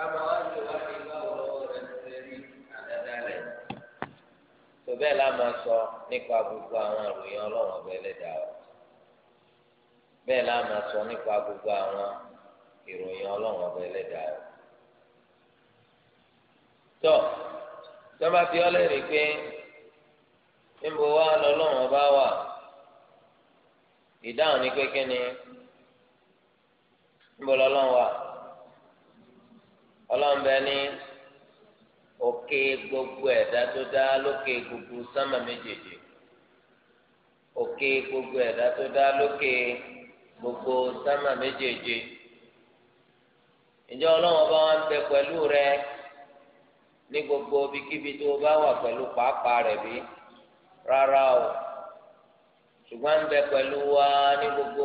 káma wá lò wá ní bá ọlọ́wọ́ rẹ̀ ṣe rí àdáda rẹ̀. tó bẹ́ẹ̀ la máa sọ nípa gbogbo àwọn àròyìn ọlọ́run ọbẹ̀ ẹlẹ́dàá wa bẹ́ẹ̀ la máa sọ nípa gbogbo àwọn ìròyìn ọlọ́run ọbẹ̀ ẹlẹ́dàá wa. tọ́ sọ́ba bí ọlẹ́rìí pé níbo wá lọ́lọ́run ọba wà ìdáhùn ní pé kí ni níbo lọ́lọ́run wà. ọlọ́mbẹ ní òkè gbogbo ẹ̀dá tó gbogbo sámà méjèèjì òkè gbogbo ẹ̀dá tó dá lókè gbogbo sámà méjèèjì ǹjẹ́ ọlọ́wọ́n bá bẹ pẹ̀lú rẹ ní gbogbo ibikíbi tó bá wà pẹ̀lú pàápàá rẹ̀ bí rárá o ṣùgbọ́n ń bẹ pẹ̀lú wa gbogbo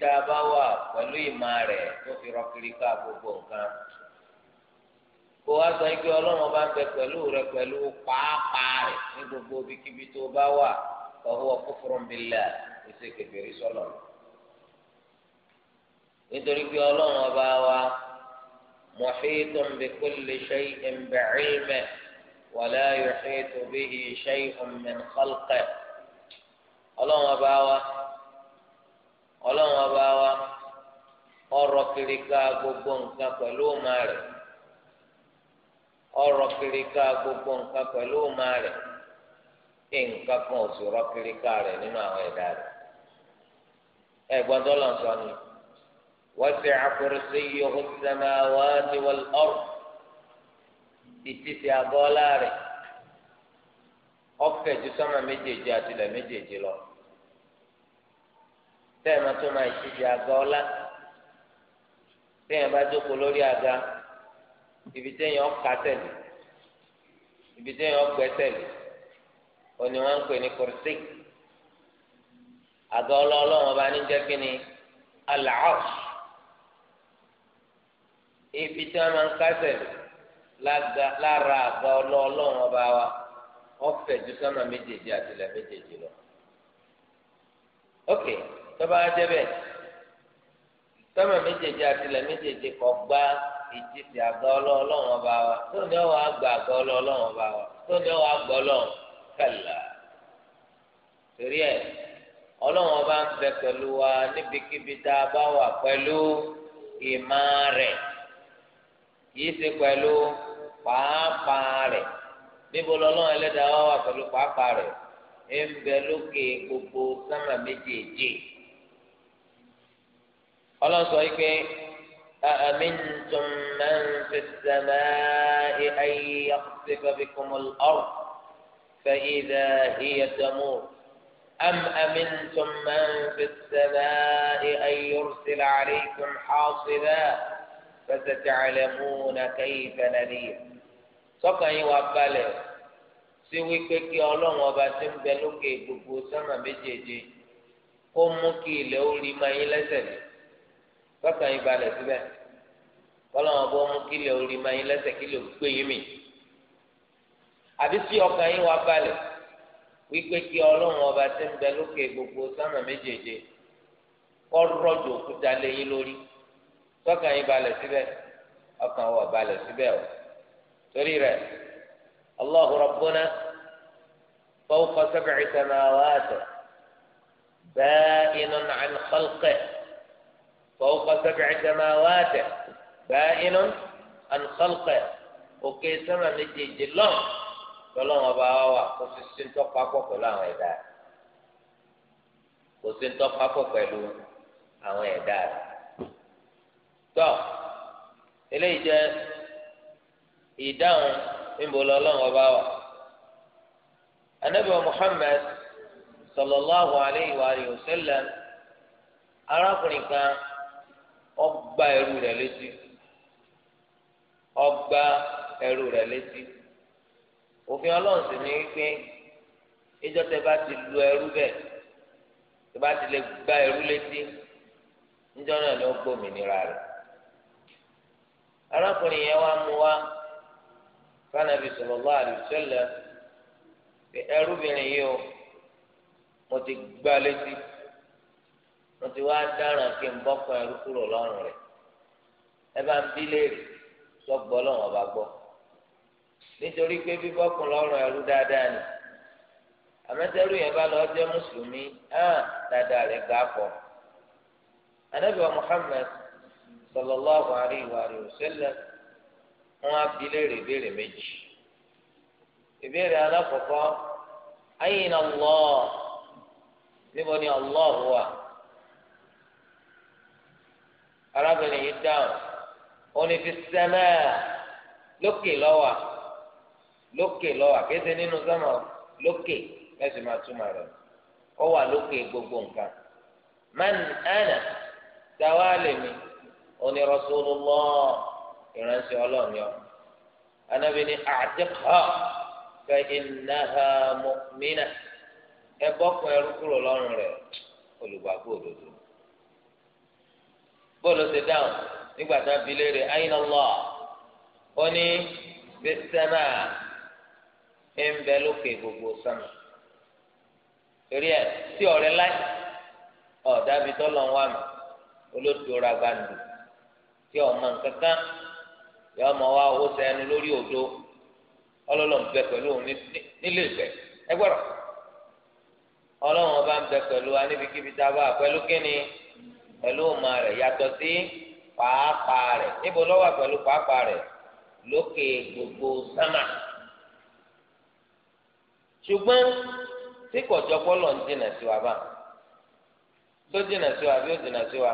tá a bá wà pẹ̀lú tó fi rọ kó wá sọ pé ọlọ́run bá ń bẹ pẹ̀lú rẹ pẹ̀lú pàápàá rẹ ní gbogbo ibikíbi tó bá wà ọwọ́ kófòrò ń bilẹ̀ ẹsẹ̀ kẹfẹ́rẹ́ sọ̀lọ̀ nítorí pé ọlọ́run ọba wa muhitun bi kulli shay'in bi'ilmihi wa la yuhitu bihi shay'un min ọba wa ọlọ́run ọba wa ọ̀rọ̀ kiri ká gbogbo nǹkan pẹ̀lú ọmọ rẹ̀. ọrọ rọpụrụ ka gbogbo nǹkan pẹ̀lú ọmọ rẹ kí nǹkan kan ò sì rọ kiri ká nínú àwọn ẹ̀dá rẹ̀ ẹ̀gbọ́n tó lọ sọ ni wasi'a kursiyyuhu ju méjèèjì àti méjèèjì lọ tẹ́ẹ̀mà tó máa bá jókòó ibi téèyàn ka tẹ̀lé ibi téèyàn gbẹ tẹ̀lé òní wọn ń pè ní kùrìsì àgọ́ ọlọ́ọ̀lọ́wọ́n bá ní jẹ́ kí ni al-arsh ibi tí wọn máa ń ka tẹ̀lé lára àgọ́ ọlọ́ọ̀lọ́wọ́n bá wa ọ̀fẹ́ ju sọ́nà méjèèjì àtìlẹ̀ méjèèjì lọ. ok tọ́ba jẹ́ bẹ́ẹ̀ sọ́nà méjèèjì àtìlẹ̀ méjèèjì kọ́ gbáà ìjísí àgbà ọlọ́run ọba wa tó ní ọwọ́ àgbà àgbà ọlọ́run ọba wa tó ní ọwọ́ àgbà ọlọ́run kàlà. torí ẹ ọlọ́run ọba ń bẹ pẹ̀lú wa níbikíbi tá a bá wà pẹ̀lú ìmá rẹ̀ kìí ṣe pẹ̀lú pàápàá rẹ̀ níbo lọ́lọ́run ẹlẹ́dàá wa wà pẹ̀lú pàápàá rẹ̀ ń bẹ lókè gbogbo sámà méjèèjì ọlọ́run yìí pé. أأمنتم من في السماء أن يخسف بكم الأرض فإذا هي تمور أم أمنتم من في السماء أن يرسل عليكم حاصبا فستعلمون كيف نذير sọkàn yín سوي balẹ̀ ألون وباسم بلوكي ọlọ́run بجيجي ti ń bẹ lókè gbogbo tọ́kàn yín balẹ̀ síbẹ̀ kọ́lọ́wọ́n bó mú kílẹ̀ orí máa yín lẹ́sẹ̀ kílẹ̀ gbé yín mì àbí sí ọkàn yín wá balẹ̀ wípé kí ọlọ́run ọba ti ń bẹ lókè gbogbo sánà méjèèje kọ́ rọ̀jò òkúta lé yín lórí tọ́kàn yín balẹ̀ síbẹ̀ ọkàn wọ̀ balẹ̀ síbẹ̀ o torí فوق سبع سماوات بائن عن خلقه òkè sẹ́mà méjèèjì lọ́n lọ́lọ́wọ́n bá wà wà kó sì sí ntọ́pọ̀ akọ̀ pẹ̀lú àwọn ẹ̀dá rẹ̀ kó sì ntọ́pọ̀ akọ̀ pẹ̀lú àwọn ẹ̀dá rẹ̀ tọ́ eléyìí jẹ́ ìdáhùn níbo lọ́lọ́wọ́n bá wà anabi wa muhammed sallallahu alayhi wa sallam arákùnrin kan ọgbà ẹrú rẹ̀ létí ọgbà ẹrú rẹ̀ létí òfin Ọlọ́run sì ní pé ìjọ tẹ bá ti lu ẹrú bẹ́ẹ̀ tẹ bá ti lè gba ẹrú létí níjọ́ náà ni ó gbòmìnira rẹ̀ arákùnrin yẹn wá mú wá fanabi sallallahu alaihi wasallam ẹrúbìnrin yìí o mo ti gbá létí. wọ́n ti wá dáràn kí n bọ́kàn ẹrú kúrò lọ́rùn rẹ̀ ẹ bá ń bí léèrè lọ́gbọ́ lọ́wọ́n bá gbọ́ nítorí pé ẹrú dáadáa ni a yẹn bá lọ jẹ́ mùsùlùmí hàn dáadáa rẹ̀ gà pọ̀ anábìwá Muhammad sallallahu alayhi wa sallam wọn á méjì ìbéèrè Allah níbo ni Allah arábìnrin yìí dáhùn òní fi sẹ́mẹ́ lókè lọ́wà lókè lọ́wà kéde nínú sọ́mọ lókè ẹ̀sìn máa túmọ̀ rẹ̀ ó wà lókè gbogbo nǹkan man ana táwa lè mi òní rasulullah ìránṣẹ́ ọlọ́ọ̀ni ọ anabi ni àdìkọ́ fẹ́ innaha mu'mina ẹ bọ́kùn ẹrú kúrò lọ́rùn rẹ̀ olùgbàgbọ́ òdodo. bọ́ọ̀lù ṣe dáhùn nígbà tí wọ́n fi léèrè ayna Allah ó ní sami. ń bẹ lókè gbogbo sánmà torí ẹ tí ọ̀rẹ́ láì ọ̀dàbí tọ́lọ̀ ń wà mí olódòra tí ọmọ nkankan yọ ọmọ wa owó sẹ́nu lórí òdo ọlọ́lọ́ ń bẹ pẹ̀lú òun a bá pẹ̀lú ọmọ rẹ̀ yàtọ̀ sí pàápàá rẹ̀ níbo ló pẹ̀lú pàápàá rẹ̀ lókè gbogbo sámà ṣùgbọ́n tí kọjọ bọlọ ń dènà sí wa bá tó dènà sí wa bí ó na sí wa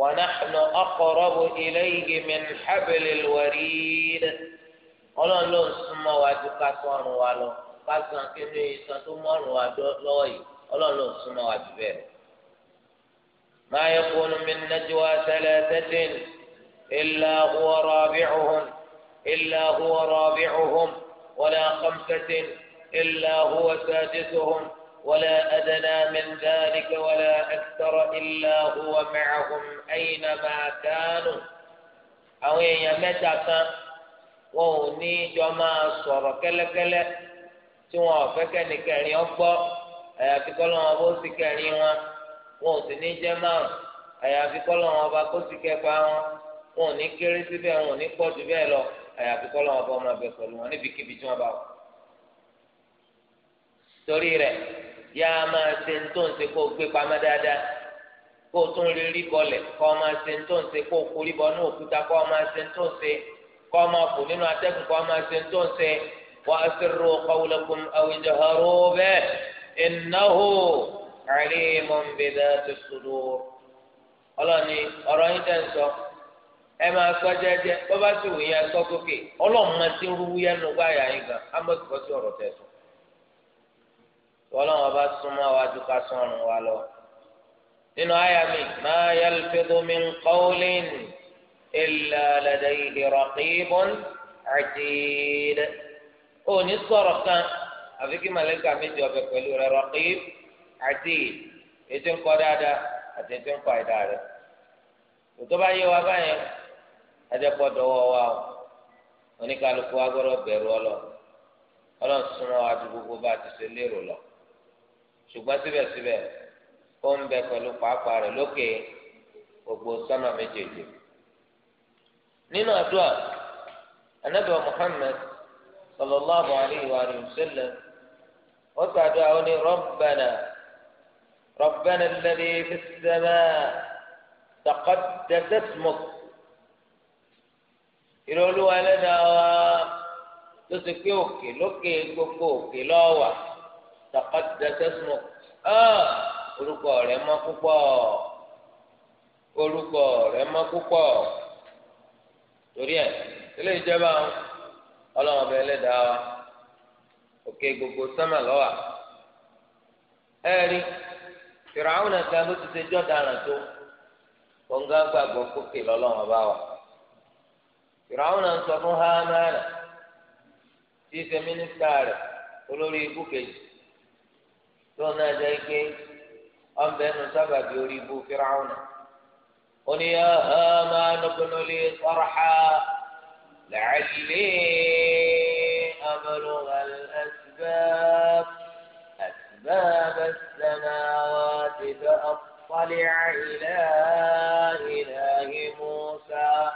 wa nahnu aqrabu ilayhi min hablil warid ló ń wa ju ká tó ọrùn wa lọ kí ní tó wa yìí ló ń wa jù ما يكون من نجوى ثلاثة إلا هو رابعهم إلا هو رابعهم ولا خمسة إلا هو سادسهم ولا أدنى من ذلك ولا أكثر إلا هو معهم أينما كانوا أو يمتك ووني جماعة صورة كلا كلا سواء wọn كان fẹ́ kẹ́nìkẹ́rin ọgbọ́ àyàfi كان lọ́wọ́ wọn ò sì ní jẹ́ márùn àyàfi kọ́lọ́ wọn ọba kó sì kẹfà wọn wọn ò ní kéré síbẹ̀ wọn ò ní pọ̀ jù bẹ́ẹ̀ lọ àyàfi kọ́lọ́ wọn ọba ọmọ abẹ pẹ̀lú wọn níbikíbi tí wọ́n bá wọ. torí rẹ̀ yá a máa ṣe ń tó ń ṣe kó gbé pamọ́ dáadáa kó o tún rí rí bọlẹ̀ kó o máa ṣe ń tó ń ṣe kó o kórí bọ ní òkúta kó o máa ṣe ń tó ń ṣe kó o máa fò nínú atẹ́gùn kó o máa ṣe ń tó ń ṣe wàá sẹ́rù qawlakum aw jahru bihi innahu. عليم بذات الصدور ọlọ́ni ọ̀rọ̀ yín tẹ́ ń sọ ẹ máa sọ jẹ́jẹ́ bó bá sì wùyẹn sọ sókè ọlọ́run máa ti ń rú wúyẹ́ nù báyà yín gan amọ̀síkọ́ sí ọ̀rọ̀ tẹ̀ sọ. ọlọ́run ọba súnmọ́ wa ju ká sọ̀rùn wa lọ. nínú àyà mi máa yalfidu min qawlin illa ladayhi raqibun atid. ó ní sọ̀rọ̀ kan àfi kí méjì ọbẹ̀ pẹ̀lú rẹ̀ raqib. àti ètò ńkọ dáadáa àti ètò ńkọ àìdá rẹ tòtò bá yé wa báyẹn adẹ́pọ̀ dọ́wọ́ wa o oníkàlùkù wa gbọ́dọ̀ bẹ̀rù ọlọ ọlọ́n súnmọ́ gbogbo bá a ti ṣe lérò lọ ó ń bẹ pàápàá gbogbo méjèèjì nínú àdúrà muhammed sallallahu alayhi wa sallam sàdúrà ó ní ربنا الذي في السماء تقدس اسمك ìrọ̀lú ẹlẹ́dàá wa tó ti pé òkè lókè gbogbo òkè lọ́wà taqaddas ismuk orúkọ rẹ̀ mọ́ púpọ̀ orúkọ rẹ̀ mọ́ púpọ̀ torí ẹ̀ ilé ìjọba ọlọ́run ọba ẹlẹ́dàá wa òkè gbogbo sánmà lọ́wà ẹ̀rí fìràwọn nàta ló ti ṣe jọdaràn tó kọńgá gbàgbọ́ kókè lọ́lọ́run bá wà fìràwọn náà sọ fún hámánà tí í ṣe mínísítà rẹ̀ olórí ikú kejì tó náà jẹ́ ike ọ̀nbẹ nù sábàbí orí ibú fìràwọn náà ó ní yá hámánà làálí àmàlùmọ́ àlùbáàbù. أسباب السماوات فأطلع إلى إله موسى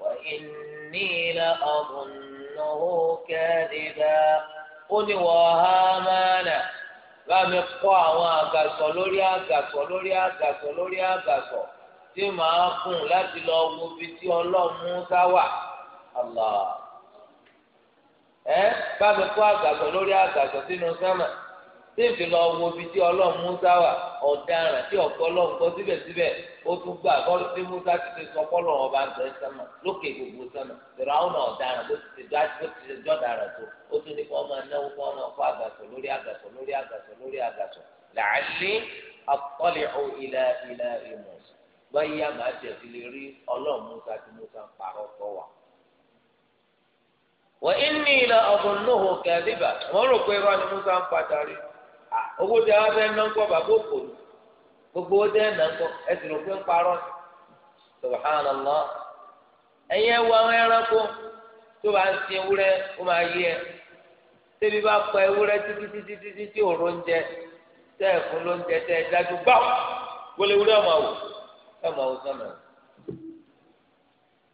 وإني لأظنه كاذبا قل وهامان bámi kọ́ àwọn àgàsọ̀ lórí àgàsọ̀ lórí àgàsọ̀ lórí àgàsọ̀ tí màá fún láti lọ wo ibi tí ọlọ́run sá wà. Allah ẹ bámi kọ́ àgàsọ̀ lórí àgàsọ̀ sínú sẹ́mà. téèfì lọ wo ibi tí ọlọ́run musa wà ọ̀daràn tí ọ̀pọ̀ ọlọ́run gbọ́ síbẹ̀síbẹ̀ ó tún gbà tí musa ti ti sọ ọba ń tẹ́ sánmà lókè gbogbo sánmà tẹ̀rọ àwọn ọ̀daràn bó ti dá bó ti tó ó tún ní máa náwó lórí lórí lórí làálí ilẹ̀ ń ilẹ̀ ọ̀gbọ̀n náà owó tẹ wá fẹ́ ná ń kọ́ bàbá òkò gbogbo owó tẹ ná ń kọ́ ẹ sì rò pé ń parọ́ subhanallah ẹ̀yin ẹwọ àwọn ẹranko tó bá ń sin ewúrẹ́ ó máa yí ẹ tẹ́bí bá pa ewúrẹ́ títí títí títí tí òró ń jẹ tẹ́ ẹ̀ fún ló ń jẹ tẹ́ ẹ dájú báwò wọlé ewúrẹ́ ọmọ àwò ọmọ àwò sọmọ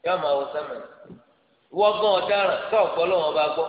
ẹ àwò sọmọ ìwọ gan ọ̀daràn tó ọ̀pọ̀ lọ́wọ́ bá gbọ́.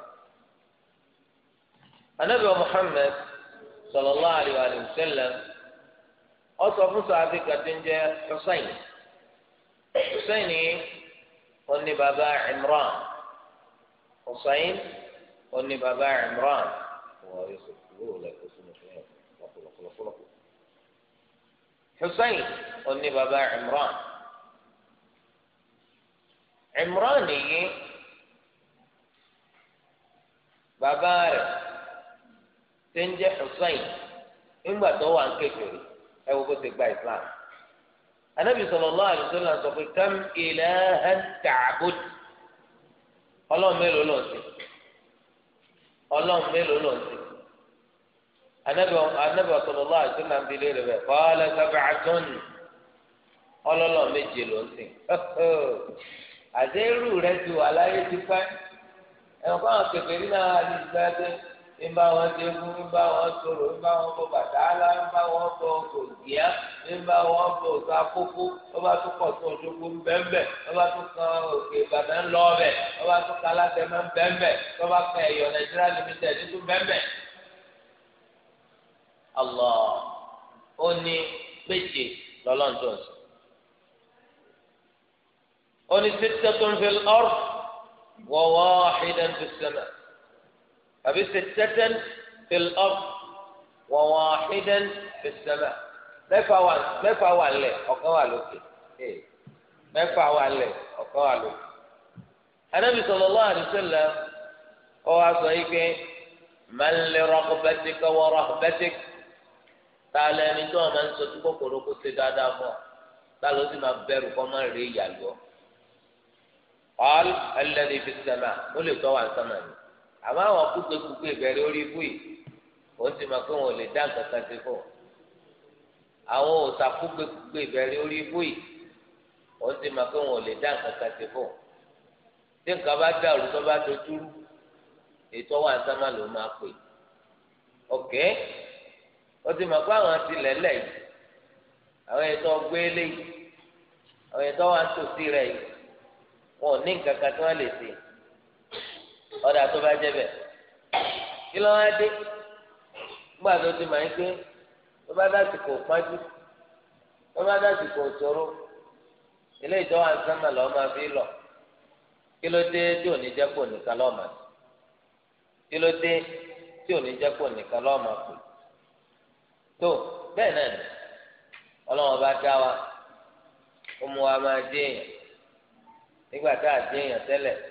anabi wa muhammed sallallahu alayhi wa sallam ọsọ fún sàbí kàdínjẹ hussein hussein oní baba imran hussein oní baba imran hussein oní baba imran imran yìí baba rẹ̀. ṣe ń jẹ́ Hussein nígbà tó wà ń kékeré ẹ wo gba Islam anabi sallallahu alaihi wasallam sọ pé kam ilahan ta'bud ọlọ́run mélòó ló ń ọlọ́run mélòó ló ń sìn anabi anabi sallallahu alaihi wasallam bi léèrè bẹ́ẹ̀ qala sab'atun ọlọ́lọ́ méje ló ń àdéhùn rẹ ti wà láyé ti ń bá wọn dégún ń bá wọn sọ̀rọ̀ ń bá wọn bọ bàtàlà ń bá wọn bọ ògìyà ń bá wọn bọ òsà kókó wọn bá tún kọtún ọdúnkù ń bẹ́ẹ̀nbẹ́ wọn bá tún kan òkè ìbàdàn ń lọ ọbẹ̀ wọn bá tún kan alátẹmọ ń bẹ́ẹ̀nbẹ́ wọn nàìjíríà limited ń tún bẹ́ẹ̀nbẹ́. ó ní méje lọ́lọ́dún ọ̀sán ó ní sítẹ́tún fil ard wa wahidan fis sama àbí sittatan fil ard wa wahidan fis sama mẹ́fà wà mẹ́fà wà lẹ̀ ọ̀kan wà lókè mẹ́fà wà lẹ̀ ọ̀kan wà lókè. Ànábì sallallahu alaihi wasallam ọ wa sọ yìí pé man li ragbatika wa rahbatika ta lẹ ẹni tó ọmọ ń sọ tó kòkòrò kó ṣe dáadáa fún ọ ta ló sì máa bẹ̀rù kọ́ máa rí ìyàlú ọ. ọ̀l alladhi fis sama ó lè tọ́ wà sánmà ni àmọ́ àwọn kúgbèkúgbè bẹ̀rẹ̀ orí ibú yìí òun ti mọ̀ pé wọn ò lè dá nǹkan kan sí fún un àwọn òòsà kúgbèkúgbè bẹ̀rẹ̀ orí ibú yìí òun ti mọ̀ pé wọn ò lè dá nǹkan kan sí fún un tí nǹkan bá dàrú tó bá dojú rú ètò wà sámà ló máa pè ok ó ti mọ̀ pé àwọn ti lẹ́lẹ̀ yìí àwọn ètò ọgbẹ́lẹ̀ yìí àwọn ètò wà tòsí rẹ̀ yìí wọn ò ní nǹkan kan tí wọ́n lè ṣe. ọ̀dà tó bá jẹ́ bẹ̀ kí ló wá dé dị tó ti máa ń gbé tó bá dá sìkò pájú tó bá dá sìkò ilé fi lọ kí ló dé tí ò ní jẹ́ kó nìkan lọ́ọ́ máa kí ló dé tí ò ní jẹ́ kó nìkan lọ́ọ́ máa pè tó bẹ́ẹ̀ náà ni ọlọ́wọ́n bá dá wa ó mú a dé èèyàn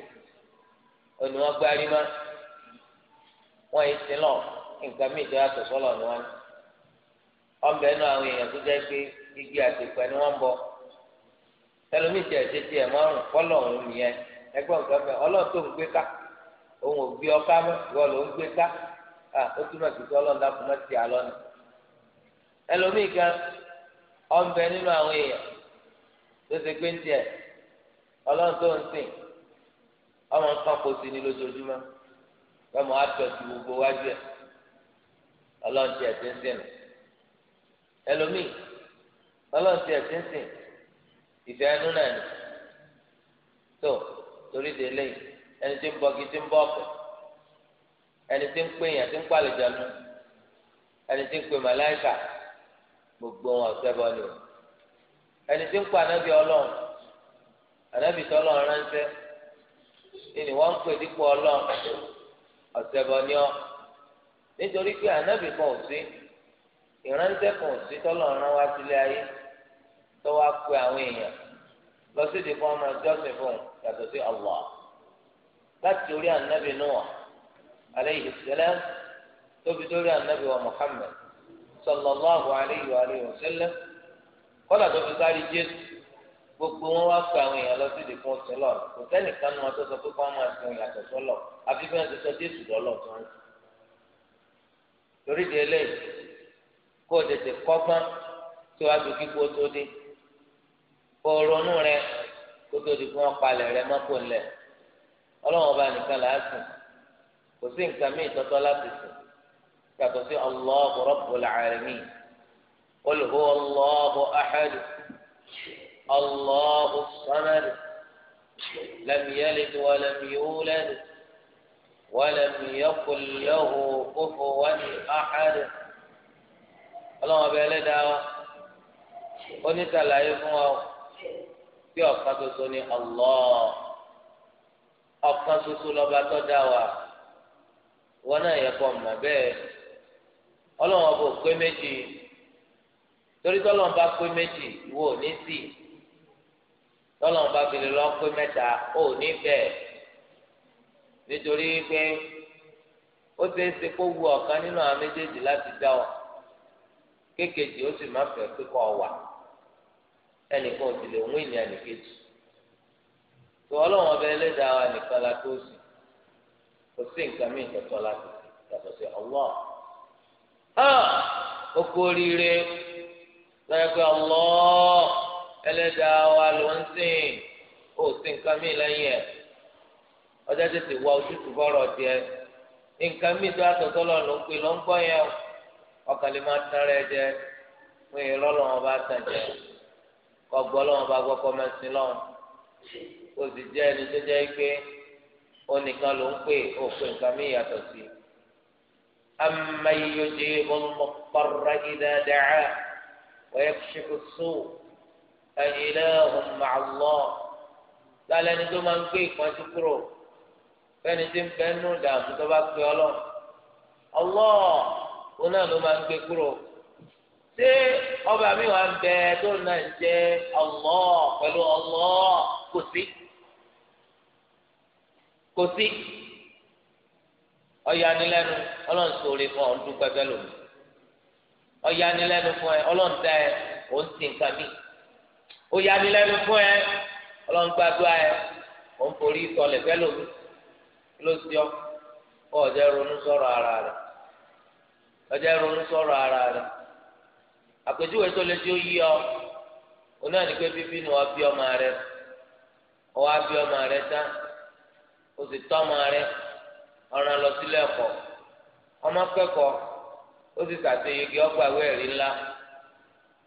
onu wọn gbárí má wọn yìí sin lọ nǹkan míì tó sọlọ ni wọn ọbẹ nù àwọn èèyàn tó jẹ pé igi àtìpẹ ni wọn bọ ẹlòmíì tiẹ̀ ṣe tiẹ̀ márùn kọlọ òun nìyẹn ẹgbẹ́ nǹkan bẹ ọlọ́run ń gbé ká òun ò gbé ọká mọ ìwọ ń gbé ká à ó túmọ̀ sí mọ́ ẹlòmíì kan ọmọ nǹkan kò sí ní lójoojúmọ́ lọ́mọ àtọ̀tì gbogbo wájú ẹ̀ ọlọ́ọ̀tì ẹ̀ nù ẹlòmíì ọlọ́ọ̀tì ẹ̀ ìfẹ́ ẹnu náà nì tó torí de ẹni tí ń bọ́gi tí ń bọ́ ọ̀pẹ̀ ẹni tí ń pè yàn tí ń pàlejò nù ẹni tí ń pè màláìkà gbogbo wọn ọ̀sẹ̀ bọ́ ni o ẹni tí ń pa ọlọ́run ni a ń pè dípò ọlọ́run ọ̀sẹ̀bọ ni ọ́ nítorí pé ànábì kan ò sí ìránṣẹ́ kan ò sí tọ́lọ́run wá sílé ayé àwọn èèyàn lọ sí ìdìbò ọmọ jọ́sìn fún un sí Allah láti orí ànábì Nuh alayhi salam tóbi dórí ànábì wa Muhammad sallallahu alayhi wa sallam kọ́lá tó fi sáré Jésù. gbogbo wọn wá pe àwọn èèyàn lọ sí ìdí fún ọsẹ lọ kò sẹ́nìkan nu wọn tó sọ pé kó wọn máa sin sọlọ àfi bí wọn ti sọ jésù lọlọ tó ń torí di eléyìí kó o tètè kọ́gbọ́n tí o ronú rẹ kó tó di fún ọpalẹ̀ rẹ mọ́kò ńlẹ̀ nìkan kò sí nǹkan láti yàtọ̀ sí الله الصمد لم يلد ولم يولد ولم يقل له كفوا أحد ọlọ́run ọba ẹlẹ́dàá wa ó ní sàlàyé fún wa bí ọ̀kan ṣoṣo ni Allah ọ̀kan ṣoṣo lọ́ba tó dá wa wọn náà yẹ kó ọmọ bẹ́ẹ̀ ọlọ́run ọba ò pé méjì torí tọ́lọ́run bá pé méjì ìwọ ò ní sí i. tọ́lọ́n bá fi lè lọ pé mẹ́ta ó ní bẹ́ẹ̀ nítorí pé ó ṣe é ṣe kó wu ọ̀kan nínú àwọn méjèèjì láti dá ọ kékejì ó sì má fẹ́ pé kọ́ wà ẹnìkan ò sì lè wún ìní ẹnìkejì tó ọlọ́run ọba kò sí nǹkan ẹlẹ́dàá wa ló ń sìn ó sìn nǹkan mí lẹ́yìn ẹ̀ ọjọ́ tètè wá ojútùú bọ́rọ̀ tiẹ̀ nǹkan mí tó àtọ̀tọ̀ lọ ló ń pè ló ń gbọ́ yẹn ọkàn lè máa tán rẹ jẹ pé irọ́ lọ́wọ́ bá tàn jẹ kọ́ gbọ́ lọ́wọ́ bá gbọ́ kọ́ sì jẹ́ ẹni tó jẹ́ pé ó ló ń pè ó pè nǹkan mí yàtọ̀ sí i. أمن يجيب المضطر إذا دعاه ويكشف السوء أإله مع الله لا لن تمن فيك ما تكرو فإن تنبنوا دام da الله الله هنا لمن تكرو ọba mi wà ń bẹ tó náà ń jẹ Allah ọ Allah kò sí fún ọ ń dúpẹ́ bẹ́ẹ̀ lómi fún ẹ ọlọ́run dá ọ ń sin ó yanilẹ́nu fún ẹ ọlọ́run gbàdúrà ẹ ò ń forí sọlẹ̀ fẹ́ lómi kí ló ti ọ kó ronú ara rẹ ronú ara rẹ àpèjúwe tó lè tí ó yí ọ oní àdìgbé bíbí ni wọ́n bí ọmọ rẹ ọwọ́ bí ọmọ rẹ tán o sì tọ́ ọmọ rẹ lọ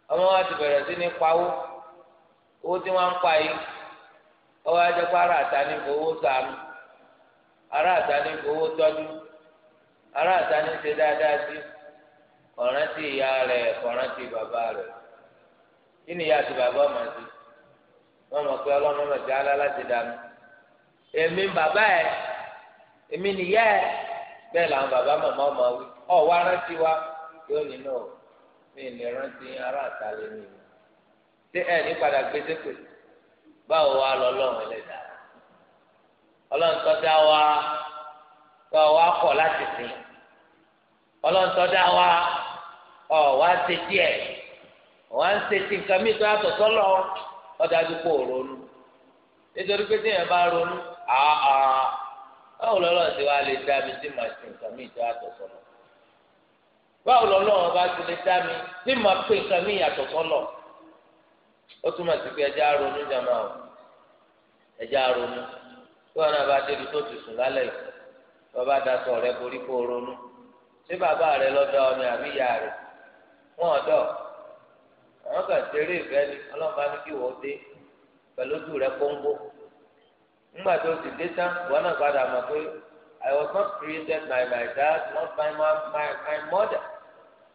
ọmọ wa ti sí owó tí wọ́n ń pa yìí ọwọ́ ajẹ́pọ̀ ará àta ní owó sàánú ará àta ní owó ṣe dáadáa sí ọ̀ràn tí ìyá rẹ̀ ọ̀ràn bàbá rẹ̀ kí ni ìyá àti bàbá ọmọ sí wọ́n mọ̀ pé ọlọ́mọ alá láti dànù èmi bàbá èmi nìyá bẹ́ẹ̀ làwọn bàbá ṣé ẹ ní padà gbèsè báwo wá lọ lọ́rùn ẹlẹ́dàá ọlọ́run tó dá wa lati wa ọlọ láti sìn ọlọ́run tó dá wa ọ̀ wá ṣe díẹ̀ wọ́n ń ṣe nǹkan mìíràn tó yàtọ̀ ronú nítorí pé téèyàn bá ronú àá báwo ti lè dá mi màá ṣe nǹkan tó yàtọ̀ báwo bá ti lè dá mi màá ó túmọ̀ sí pé ẹjẹ́ àrònú jàmá o tí wọn bá débi tó ti sùn lálẹ́ yìí wọn bá da rẹ borí kó ronú ṣé bàbá rẹ lọ́dọ̀ ọmọ àbí ìyá rẹ wọn ọ̀dọ̀ àwọn kan ṣeré ni ní kí wọ́n dé ojú rẹ nígbà tó ti dé tán wọn náà padà pé I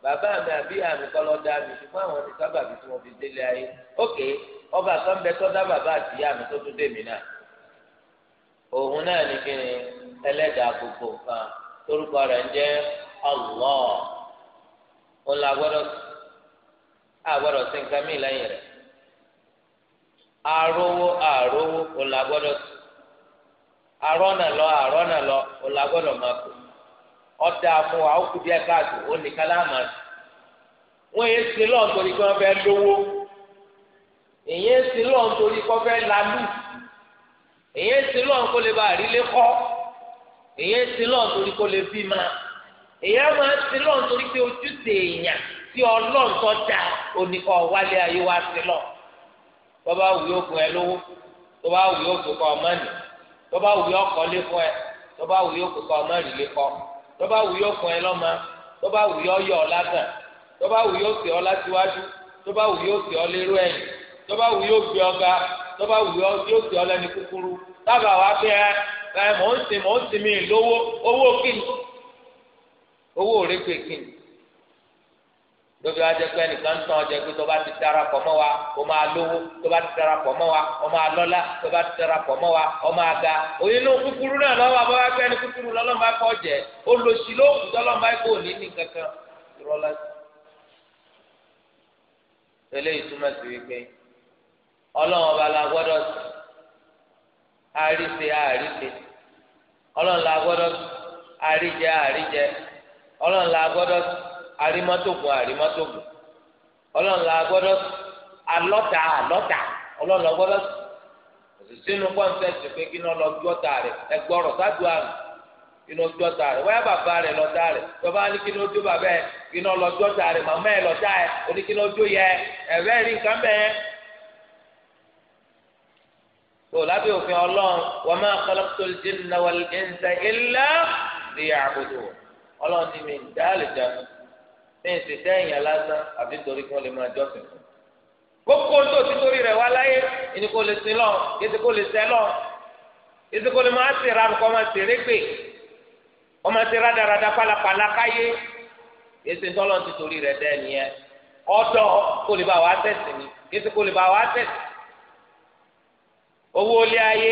bàbá mi àbí àmì kọlọ dá mi ṣùgbọ́n àwọn ti sábà bí tí wọ́n fi délé ayé ókè ọba kan bẹ bàbá àti ìyá mi tó tún dé mi náà òun náà ní kí ni ẹlẹ́dàá gbogbo nǹkan torúkọ rẹ̀ ń jẹ́ òun la gbọ́dọ̀ sí nǹkan mí lẹ́yìn rẹ̀ òun la gbọ́dọ̀ ọ̀dà àmọ́ àwọn kù díẹ̀ káàtó ó ní kálámà wọ́n yé sí lọ́ọ̀ torí kí wọ́n fẹ́ lówó èyí ń sí lọ́ọ̀ torí kí wọ́n fẹ́ lalú èyí ń sí lọ́ọ̀ kó lè bá àrílé kọ́ èyí ń sí lọ́ọ̀ torí kó lè bímọ èyí á máa ń sí lọ́ọ̀ torí pé ojúṣe èèyàn tí ọlọ́ọ̀ tó oníkọ̀ wálé ayé wá sí lọ́ọ̀ tó bá ẹ lówó tó bá wù kọ́ ọmọ nì tó bá wù lé fún ẹ tó bá wù kọ́ ọmọ rì lé kọ́ ọ tọ́ba wù yọ fún ẹ lọ́mọ tọ́ba wù yọ yọ ọ látàn tọ́ba wù yọ sí ọ látiwájú tọ́ba wù yọ sí ọ lérú ẹ̀yìn tọ́ba wù yọ ọga tọ́ba wù yọ yọ kúkúrú tábà wá pé ẹ mọ̀ ń sin mọ̀ ń sin mi lówó owó kìnnì owó òrékè kìnnì lóbi wá jẹ pé ẹnìkan ń tàn ọ jẹ pé tó bá ti darapọ̀ mọ́ wa ó máa lówó tó bá ti darapọ̀ mọ́ wa ó máa lọ́lá tó bá ti darapọ̀ mọ́ wa ó máa ga òyìnbó kúkúrú náà lọ́wọ́ àbọ̀ wá pé ẹni kúkúrú lọ́lọ́mọ akọ́ jẹ olùsí ló kù tọ́lọ́mọ akọ́ òní ní kankan rọ́lá. eléyìí túmọ̀ sí wípé ọlọ́run ọba la gbọ́dọ̀ sí àríṣe àríṣe ọlọ́run la gbọ́dọ̀ sí àríjẹ àríjẹ ọlọ́run la gbọ́dọ̀ sí arímọ́tògùn arímọ́tògùn ọlọ́run la gbọ́dọ̀ alọ́ta alọ́ta ọlọ́run la gbọ́dọ̀ sínú kọ́ńtẹ́ǹtì pé kí náà lọ gbọ́ta rẹ̀ ẹgbọ́rọ̀ sádùá rẹ̀ kí náà gbọ́ta rẹ̀ wáyà bàbá rẹ̀ lọ́ta rẹ̀ bàbá ní kí náà jó bàbá ẹ̀ kí náà lọ gbọ́ta rẹ̀ màmá ẹ̀ lọ́ta ẹ̀ oní kí náà jó yẹ ẹ̀rẹ́ rí nǹkan bẹ́ẹ̀. tó lábẹ́ òfin ọlọ́run wa ma khalaqtul jinna wal insa illa liya'budun ọlọ́run ti mi dá àlùjáde ní ìsìtẹ́ èèyàn lásán àbí torí kí wọ́n lè máa jọ́sìn fún gbogbo tó ti torí rẹ̀ wá láyé ìní kò lè sin lọ́n ètò kò lè sẹ́ lọ́n ètò kò lè máa ṣe ra nǹkan máa ṣe régbè wọ́n máa ṣe rádaràda pálapàla káyé ètò ìtọ́lọ́ ti torí rẹ̀ dẹ́ nìyẹn ọ̀dọ́ kò lè bá wa tẹ̀sí ni ètò kò lè bá wa tẹ̀sí owó ilé ayé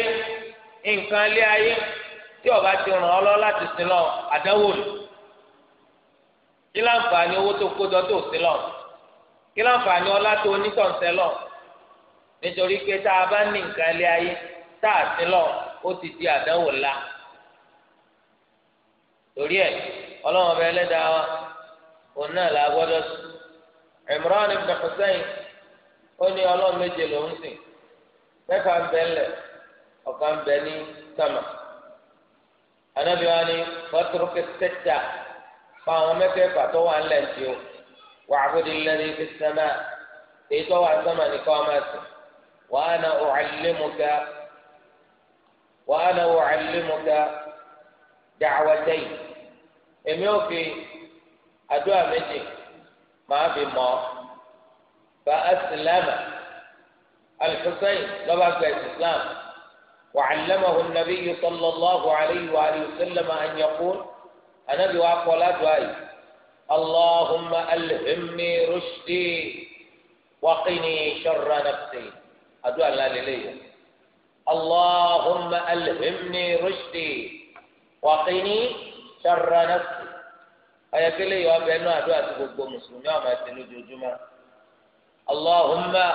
nǹkan ilé ayé tí ọba ti ràn ọ́ lọ́ láti sin lọ́n àdánwò lò kí láǹfààní owó tó kó jọ tó sí lọ kí láǹfààní ọlá tó onítọ̀nsẹ́ lọ nítorí pé tá a bá ní nǹkan ilé ayé tá a sí lọ ó ti di àdánwò ńlá torí ẹ ọlọ́run ọba ẹlẹ́dàá wa òun náà là á gbọ́dọ̀ sùn Imran ibn Hussein ó ní ọlọ́run méje lòún sìn mẹ́fà ń bẹ ńlẹ̀ ọ̀kan ń bẹ ní sàmà anábìá ni wọ́n tó rọ́kẹ́ sẹ́tà. fáwọn mẹ́tẹ̀ẹ̀fà tó wà ńlẹ̀ ti o wà àbúdí lẹ́ni fi sẹ́mà èyí tó wà sẹ́mà ní kọ́ ọmọ ẹ̀sìn wà á na ọ̀hánlémùká wà á na ọ̀hánlémùká dàwátẹ́yì èmi ò fi àdúrà méjì màá fi mọ́ fa asilámà alḥusayn lọ́ba gbẹ̀sì islam wà á lẹ́mọ̀ hùn nàbí yìí sọ́lọ́láhu alayhi wa alihi wa sallama an yaqul. anabi wa kọ ládùá yìí allahumma alhimni rushdi waqini sharra nafsi àdúrà ńlá lélẹyìí allahumma alhimni rushdi waqini sharra nafsi ayakele yìí wà bẹ́ẹ̀ nù àdúrà tí gbogbo mùsùlùmí àwọn àti lójoojúmọ́ allahumma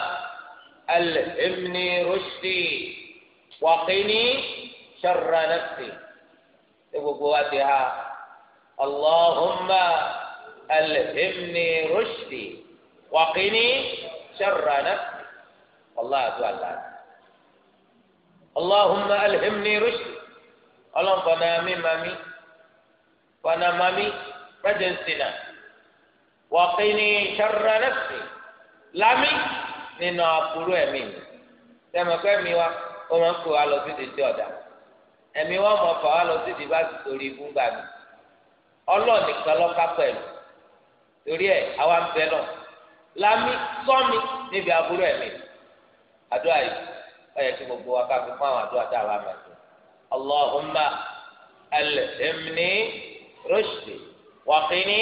alhimni rushdi waqini sharra nafsi ẹ gbogbo wa ti ha. اللهم ألهمني رشدي وقني شر نفسي والله أتوالى اللهم ألهمني رشدي اللهم فنامي مامي فنامامي رجنسنا وقني شر نفسي لامي nínú aburú ẹ̀mí mi sẹ́mi ọ̀pẹ́ mi wá ó máa ń kó wa lọ sí ti ti ọ̀dà ẹ̀mí wọn mọ̀ fà wá lọ sí ti bá ti torí ibú gbà mí ọlọ́ọ̀nìkan lọ́ka pẹ̀lú torí ẹ̀ àwa ń bẹ náà lami sọ́mi níbi aburú ẹ̀mí àdúrà yìí ọ̀yẹ́ kí gbogbo wa ká fi fún àwọn àdúrà tá a bá máa tó allahumma alhimni rushdi wa qini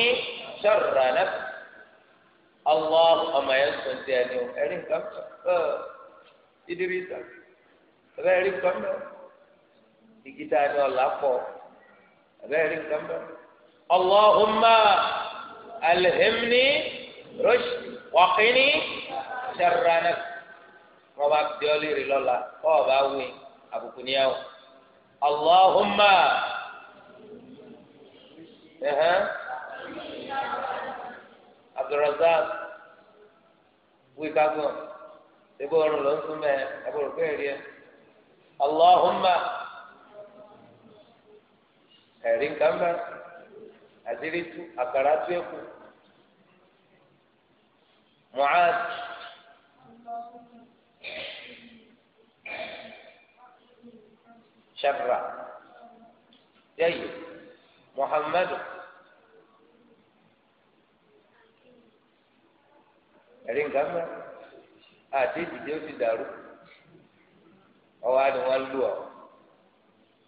sharra nafsi allah ọmọ yẹn sọ ti ẹni o ẹrí nǹkan ọ ìdírí ìta ẹrí nǹkan mẹ ìgíta ni ọ̀la pọ̀ ẹrí nǹkan mẹ. اللهم الهمني رشد وقني شر نفس ما بعد ديالي رلا لا أو باوي أبو كنياو اللهم إيه عبد الرزاق بوي كابو يقول لهم سمع يقول كيري اللهم هرين كمبر àdírí tú àkàrà tú ẹkù Mu'ad sharra jẹyì Muhammadu ẹrí nǹkan mọ àti ìdíje ó ti dàrú ọwọ́ àdìwọ̀n lù ọ́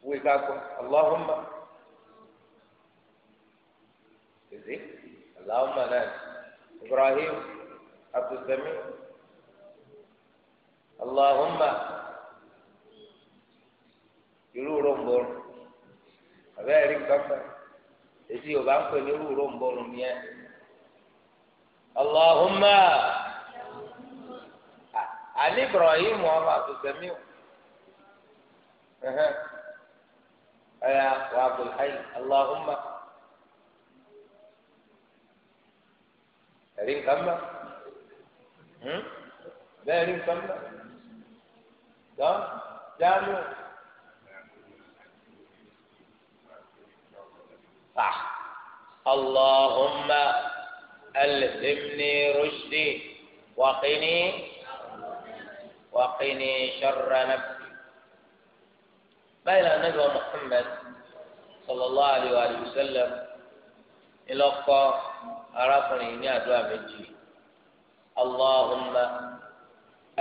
wíkà kọ́ Allahumma. èzé aláwọ̀mọ̀ náà ibrahim abdulsami aláwọ̀mọ̀ irú ròǹbòrò àbẹ́ ẹ̀rí gbàgbà èsì yorùbá ń pè ní irú ròǹbòrò nìyẹn aláwọ̀mọ̀ àní ibrahim ọmọ abdulsami ọ̀yà wà abdulhayi aláwọ̀mọ̀. ẹ̀rí nǹkan mọ̀ bẹ́ẹ̀ rí nǹkan mọ̀ tán jáánù fà allahumma alhimni rushdi waqini waqini sharra nafsi báyìí la nabi wa muhammad sallallahu alayhi wa sallam ilọkọ. arákùnrin yìí ní àdúrà méjì allahumma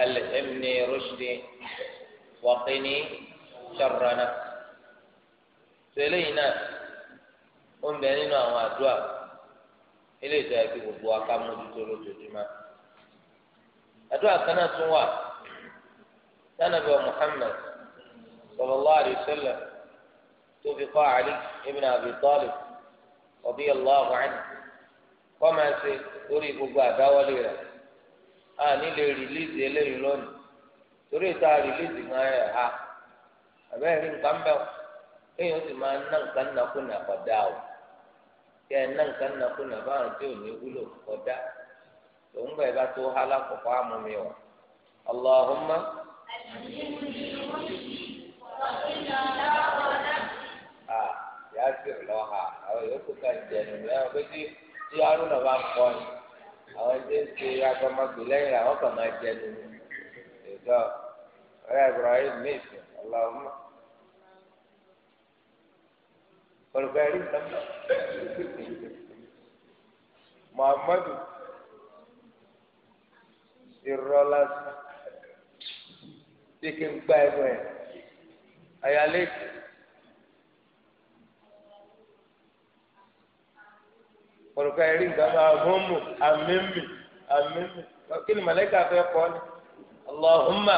alhimni rushdi waqini sharra nafsi tẹlẹ yìí náà ó ń bẹ nínú àwọn àdúrà ilé ìtọ́jú kí gbogbo wa ká mójútó lójoojúmọ́ àdúrà kan náà tún wà sanabu muhammad sallallahu alayhi wa sallam tó fi kọ́ ali ibn abi talib radiyallahu anhu. kọ́ máa ṣe lórí gbogbo àdáwọ́lé rẹ̀ a nílé rìlíìsì eléyìí lónìí torí ìta rìlíìsì gan ẹ̀ ha àbẹ́rẹ́ rí nǹkan bẹ́ẹ̀ kéèyàn sì máa ná nǹkan nàkúnà kọ̀dá o kí ẹ ná nǹkan nàkúnà báwọn tí ò ní wúlò tòun o ah, ha tí arúnà bá kọ ẹ àwọn tí ń ṣe agbọmọgbè lẹ́yìn àwọn kan máa jẹ ní ìjọ ọ̀rẹ́ Ibrahim méjì ọlọ́mọ olùkọ́ ẹ̀rí nọ́mbà Muhammadu ìrọ̀lá bí kí n gbá ẹnu ẹ̀ ayálé kọ̀ọ̀kan ẹ̀rí nǹkan bá mọ́mù àmímì àmímì kí ni màlẹ́kà fẹ́ kọ́ ni Allahumma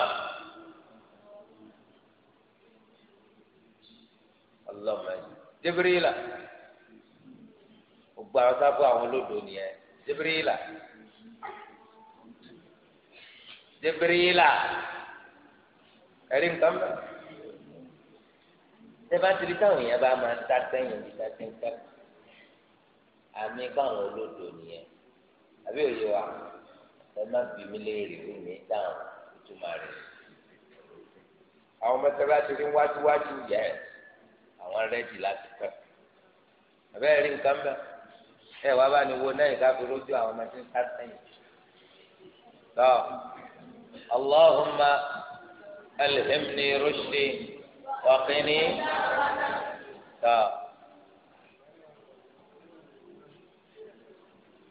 Allahumma Jibrila gbogbo àwọn sábà àwọn olódò nìyẹn Jibrila Jibrila ẹ̀rí nǹkan bá tẹ́fà tìrì táwọn èèyàn bá máa ń ta sẹ́yìn ní ta sẹ́yìn sẹ́yìn àmì báwọn olódò nìyẹn àbí òye wa ẹ má bí mi léèrè fún mi dáhùn ìtumọ̀ rẹ̀ àwọn mọ́sálásí ní wájúwájú yẹ àwọn rẹ́dì láti kàn àbẹ́ rí nǹkan bẹ́ẹ̀ ẹ wá bá ní wo náà yìí káfí lójú àwọn ọmọ tí ń ká sẹ́yìn tọ́ allahumma alhimni rushdi waqini tọ́.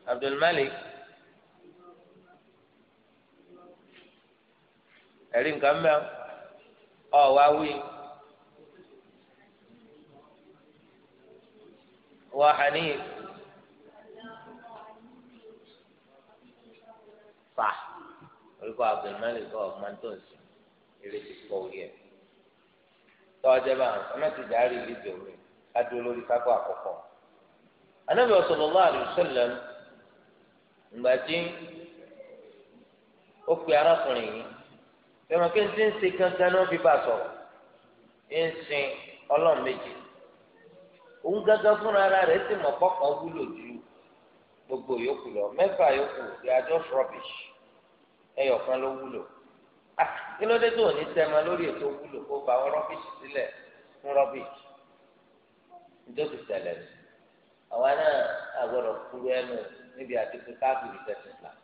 عبد الملك ẹ̀rí nǹkan أو واوي wá صح ويقول عبد الملك orúkọ مانتوس kọ mantos eré ti kọ orí ẹ tọ́jọ́ bá ẹ má ti dárí ìdíje omi ká dúró lórí sábà àkọ́kọ́ anábìyàn sallallahu alaihi ìgbà tí ó pe arákùnrin yìí fẹ́ràn kí n ti ń ṣe gangan ní wọ́n fi bá a sọ̀rọ̀ ń sin ọlọ́run méjì òun gangan fúnra ara rẹ̀ sì mọ̀ pọ́kàn wúlò ju gbogbo yòókù lọ mẹ́fà yòókù they are just rubbish ẹyọ kan ló wúlò ah, kí ló dé tó ní sẹ́mọ lórí ètò wúlò kó ba àwọn rubbish sílẹ̀ fún rubbish nítorí tẹ̀lẹ̀ àwọn náà àgbọ̀dọ̀ kúrú ẹnu rẹ̀ níbi àtìkú káàkiri tẹ̀sán islam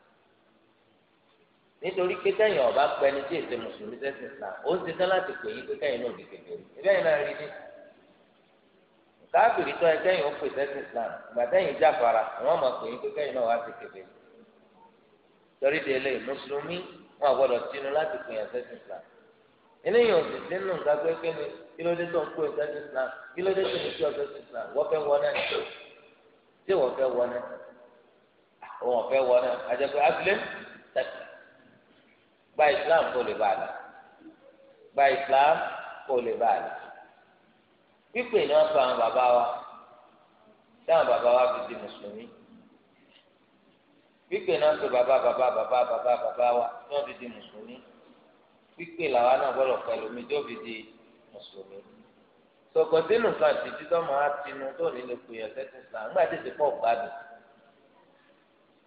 nítorí pé kẹ́yìn ọba pẹni tí èsè mùsùlùmí tẹ̀sán islam ó ń ṣetán láti pè yín pé kẹ́yìn náà dìde dèrè ìbẹ́ yìí náà rí ní káàkiri tọ́ ẹ kẹ́yìn ó pè tẹ̀sán islam ìgbà tẹ́yìn jáfara wọ́n máa pè yín pé kẹ́yìn náà wá sí kébé torí délé mùsùlùmí wọn àgbọ́dọ̀ tinú láti pè yàn tẹ̀sán islam eléyìí ò sì sínú nǹkan pé kí ni kí ló dé tó ń pè tẹ̀sán islam kí ló dé tó ń pè tẹ̀sán islam wọ́n fẹ́ wọ́n náà ṣe wọ́n fẹ́ wọ́n náà òun ọ̀fẹ́ wọ náà àjẹpẹ́ abúlé tẹ̀sí gba islam kó lè bá gba islam kó lè bá a lọ pípé ni wọ́n sọ àwọn bàbá wa tí àwọn bàbá wa fi di mùsùlùmí pípé náà sọ bàbá bàbá bàbá bàbá bàbá wa tí wọ́n fi di mùsùlùmí pípé làwa náà gbọ́dọ̀ pẹ̀lú mi tí ó fi di mùsùlùmí sọkọtínù kan títí tọmọ àtinú tó nílò pé ẹsẹ ńgbà tètè pọ gbádùn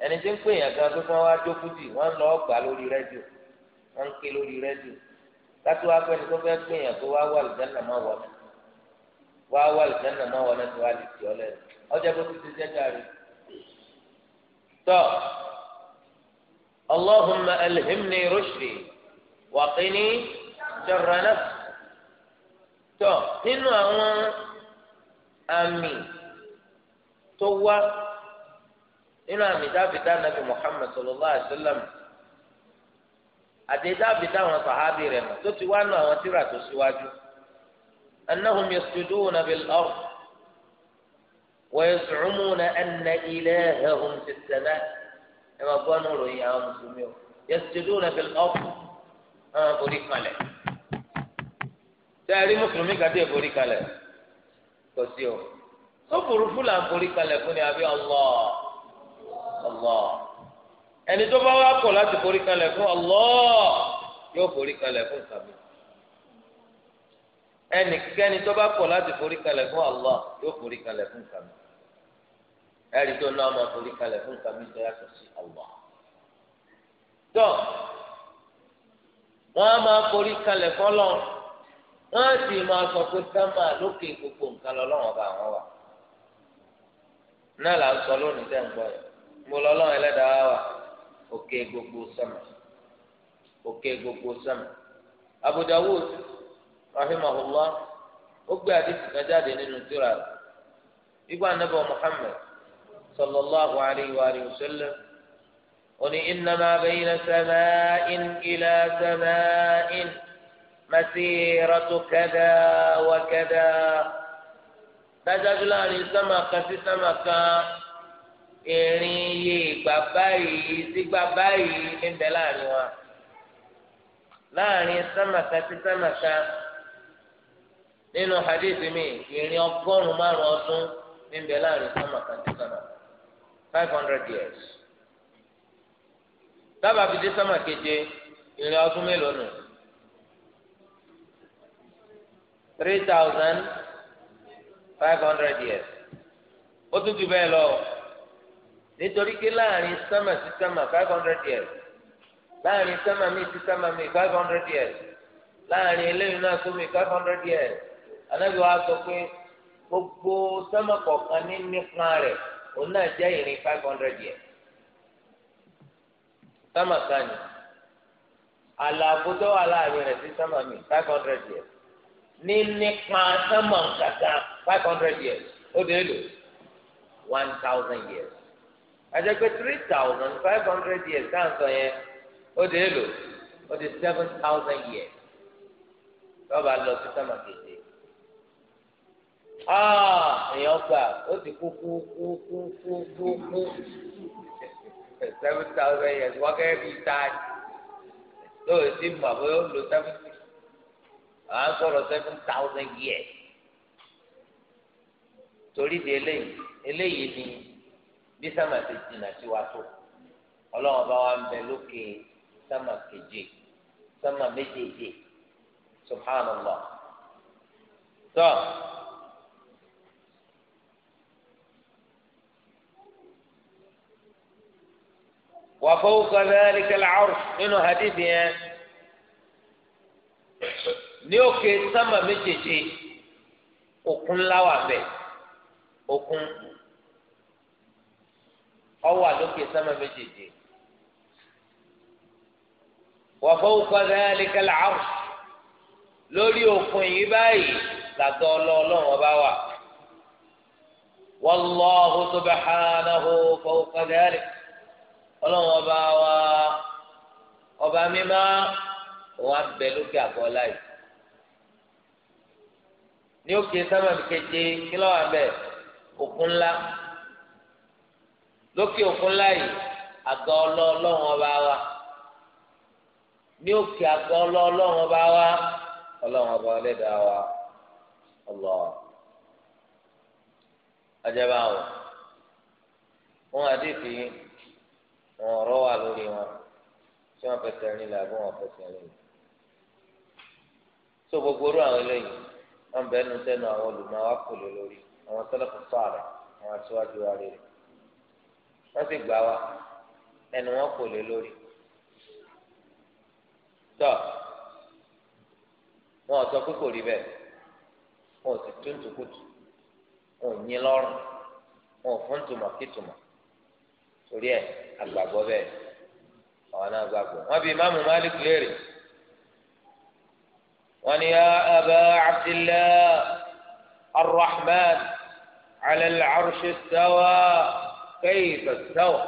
ẹni tí ń pè yàn gan pé kí wọ́n wá jókòó dì wọ́n lọ gbà lórí rẹ́díò wọ́n ń ké lórí rẹ́díò kátó wá pẹ́ni tó fẹ́ pè yàn pé wá wà lùdánà má wọ̀ náà wá wà lùdánà má wọ̀ náà tó wá lè tì ọ́ lẹ́nu ọjọ́ bó ti ti jẹ́ gàrí. tọ́ Allahumma alhimni rushdi wa qini sharra nafsi. tọ́ nínú àwọn àmì tó wá nínú àmì dábìdá nàbì Muhammad sallallahu alaihi wasallam àti dábìdá àwọn sàhábì rẹ̀ mọ̀ tó ti wá nù àwọn tírà tó síwájú annahum yasjuduna bil ard wa yaz'umuna anna ilahahum fi as-sama' ẹ máa gbọ́ nù ròyìn àwọn mùsùlùmí o yasjuduna bil ard àwọn forí kalẹ̀ tẹ́ẹ̀rí mùsùlùmí kàdé forí kalẹ̀ kò sí o ó burú fúlàn forí kalẹ̀ fún ni àbí Allah. Allah ẹni tó bá wá kọ̀ láti forí kalẹ̀ fún Allah yóò forí kalẹ̀ fún kàmi ẹnikẹ́ni tó bá kọ̀ láti forí kalẹ̀ fún Allah yóò forí kalẹ̀ fún kàmi ẹni tó náà forí kalẹ̀ fún kàmi tó yàtọ̀ sí Allah tó wọn á forí wọn á sì sọ pé lókè gbogbo nǹkan mọlọlọrun ẹlẹdàá wa òkè gbogbo sọmọ òkè gbogbo sọmọ Abu Dawud rahimahullah ó gbé àdìsí kan jáde nínú tírà rẹ̀ igbó anabi Muhammad sallallahu alayhi wa sallam oní innama bayna sama'in ila sama'in masiratu kada wa kada dájájú láàrin sámà kan sí sámà kan ìrìn iye ìgbà báyìí sígbà báyìí níbẹ̀ láàrin wa láàrin sámàkà sí sámàkà nínú hadith mi ìrìn ọgọ́rùn-ún márùn-ún ọdún níbẹ̀ láàrin sámàkà sí sámàkà five hundred years dábàá fi dé sámàkeje ìrìn ọdún mélòó nù three thousand five hundred years ó tún ti bẹ́ẹ̀ lọ nítorí pé láàrin sámà sí sámà five hundred years láàrin sámà mi sí sámà mi five hundred years láàrin eléyìí náà sómi five hundred years anábì wa sọ pé gbogbo sámà kọ̀ọ̀kan ní nípa rẹ̀ òun náà jẹ́ ìrìn five hundred years sámà kan ní àlàfo wà láàrin rẹ̀ sí sámà mi five hundred years ní nípa sámà kàkà five hundred years ó dé lò one thousand years àjẹ́ pé three thousand five hundred years dáńsọ yẹn ó dé lò ó di seven thousand years lọ́ba lọ sí sámà kejì ah, èèyàn gbà ó ti kú kú kú kú kú kú kú seven thousand years wọ́n kẹ́ bí táàgì lóò sí mọ̀ bóyá ó lò seventy à ń sọ̀rọ̀ seven thousand years torí di eléyìí eléyìí ni bí sámà ti jìnnà sí wa tó ọlọ́run bá wa ń bẹ lókè sámà keje sámà méjèèjì subhanallah tó. وفوق ذلك العرش إنه حديث ní سما sámà méjèèjì òkun láwà bẹ ọwọ́ àlókè sánmà méjèèjì wa fawqa dhalika al-'arsh lórí òkun yìí báyìí làtọ Ọlọ́run ọba wà wallahu subhanahu fawqa dhalika Ọlọ́run ọba wa ọba mímá òun abẹ lókè àgọ láyìí ní òkè sánmà méjèèjì kí ló wà bẹ́ẹ̀ òkun ńlá lókè òkun láyè àgọ́ ọlọ́ọ̀lọ́wọ́n ọba wa ní òkè àgọ́ ọlọ́ọ̀lọ́wọ́n ọba wa ọlọ́wọ́n ọba ọlẹ́dàá wa ọlọ́ ajẹ́bá wọn wọn àdìsí wọn ọ̀rọ̀ wà lórí wọn tí wọn fẹsẹ̀ rìn lẹ̀ àbí wọn fẹsẹ̀ rìn lẹ̀ tó gbogbo orú àwọn eléyìí wọn bẹ́ẹ̀ nu àwọn olùmọ̀ wa kò lórí àwọn tẹ́lẹ̀ kò àwọn aṣíwájú wa rèé wọ́n sì gbà wá ẹnu wọn kò lé lórí tọ́ wọn ò sọ pé kò rí bẹ́ẹ̀ wọn ò sì tún tùkùtù wọn ò yín lọ́rùn wọn ò fún tùmọ̀ kí tùmọ̀ torí ẹ̀ àgbàgbọ́ bẹ́ẹ̀ àwọn náà gbàgbọ́ wọn bí imáàmù Malik léèrè wọn ni Aba Abdillah Ar-Rahman ala al-arshi كيف استوى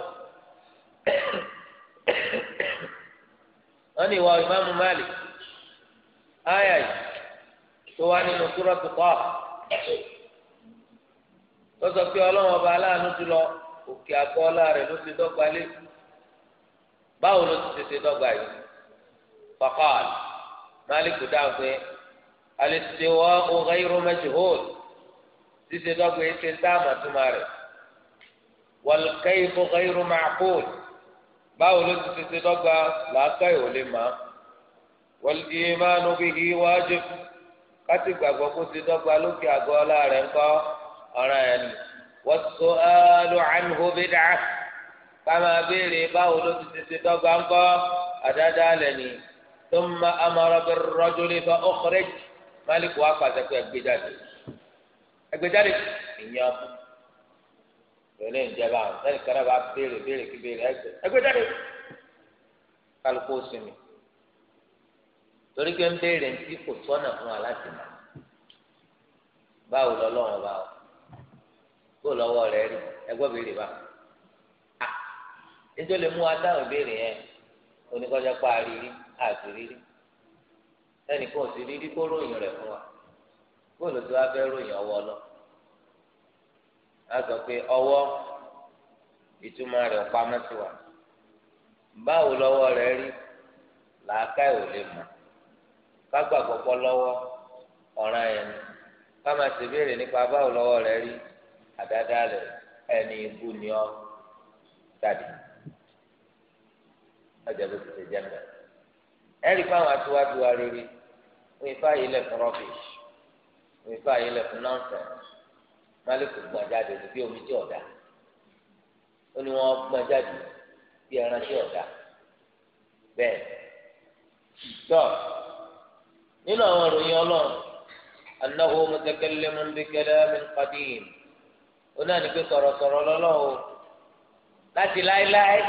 أني وإمام مالك آية سواء من سورة طه lọ́sọ̀ pé ọlọ́run ọba aláàánú ti lọ òkè àgọ́ ọlá rẹ̀ ló ti dọ́gba lé báwo ló ti tètè dọ́gba yìí faqal máàlìkù dáhùn pé al-istiwa'u ghayru majhul títí dọ́gba yìí ti ń dáhùn àtúmọ̀ rẹ̀. والكيف غير معقول باولو تتدقى لا كيو لما والإيمان به واجب كتب أقوكو تدقى لك أقول أرنكا أراني والسؤال عنه بدعة كما بيري باولو تتدقى أنكا أدادالني ثم أمر بالرجل فأخرج مالك واقع تكو أكبجاري أكبجاري إن يابو pẹ̀lú ìjẹba àwọn sẹ́ni kan náà bá béèrè béèrè kí béèrè ẹgbẹ́ ẹgbẹ́ jáde kálukú sinmi torí pé ń béèrè ntí kò tọ́nà fún wa láti mọ̀ báwo lọ́lọ́run bá o kó lọ́wọ́ rẹ rí ẹgbẹ́ béèrè bá a nítorí lè mú wa dáhùn béèrè yẹn oníkọ́jà pa àrírí àti rírí ẹnì kan ò sí rírí kó ròyìn rẹ̀ wa fẹ́ sọ pé ọwọ́ ìtumọ̀ rẹ̀ pamọ́ sí wa báwo lọ́wọ́ rẹ̀ rí làákà ò lè mọ̀ kágbà gbọ́pọ́ lọ́wọ́ ọ̀ràn yẹn ni ká máa ṣe béèrè nípa báwo lọ́wọ́ rẹ̀ rí àdáda rẹ̀ ẹni ibú ni ọ́ tàbí ọjà ló ti ṣe jẹ́ mẹ́rin ẹ̀rí fáwọn aṣíwájú wa rere wọ́n ifá yìí lẹ̀ fún rọ́bìṣì wọ́n ifá yìí lẹ̀ fún nọ́ọ̀sẹ̀nsì. malik gbọ́n jáde onye omi tí ọ̀dà ó ní wọ́n gbọ́n jáde ẹran tí ọ̀dà bẹ́ẹ̀ tọ́ nínú àwọn ìròyìn ọlọ́run anáwó mọ̀tẹ́kẹ́lẹ́ mọ̀nbíkẹ́lẹ́ mẹ́kàdín onáà ní pé sọ̀rọ̀sọ̀rọ̀ lọ́lọ́wọ́ láti láéláé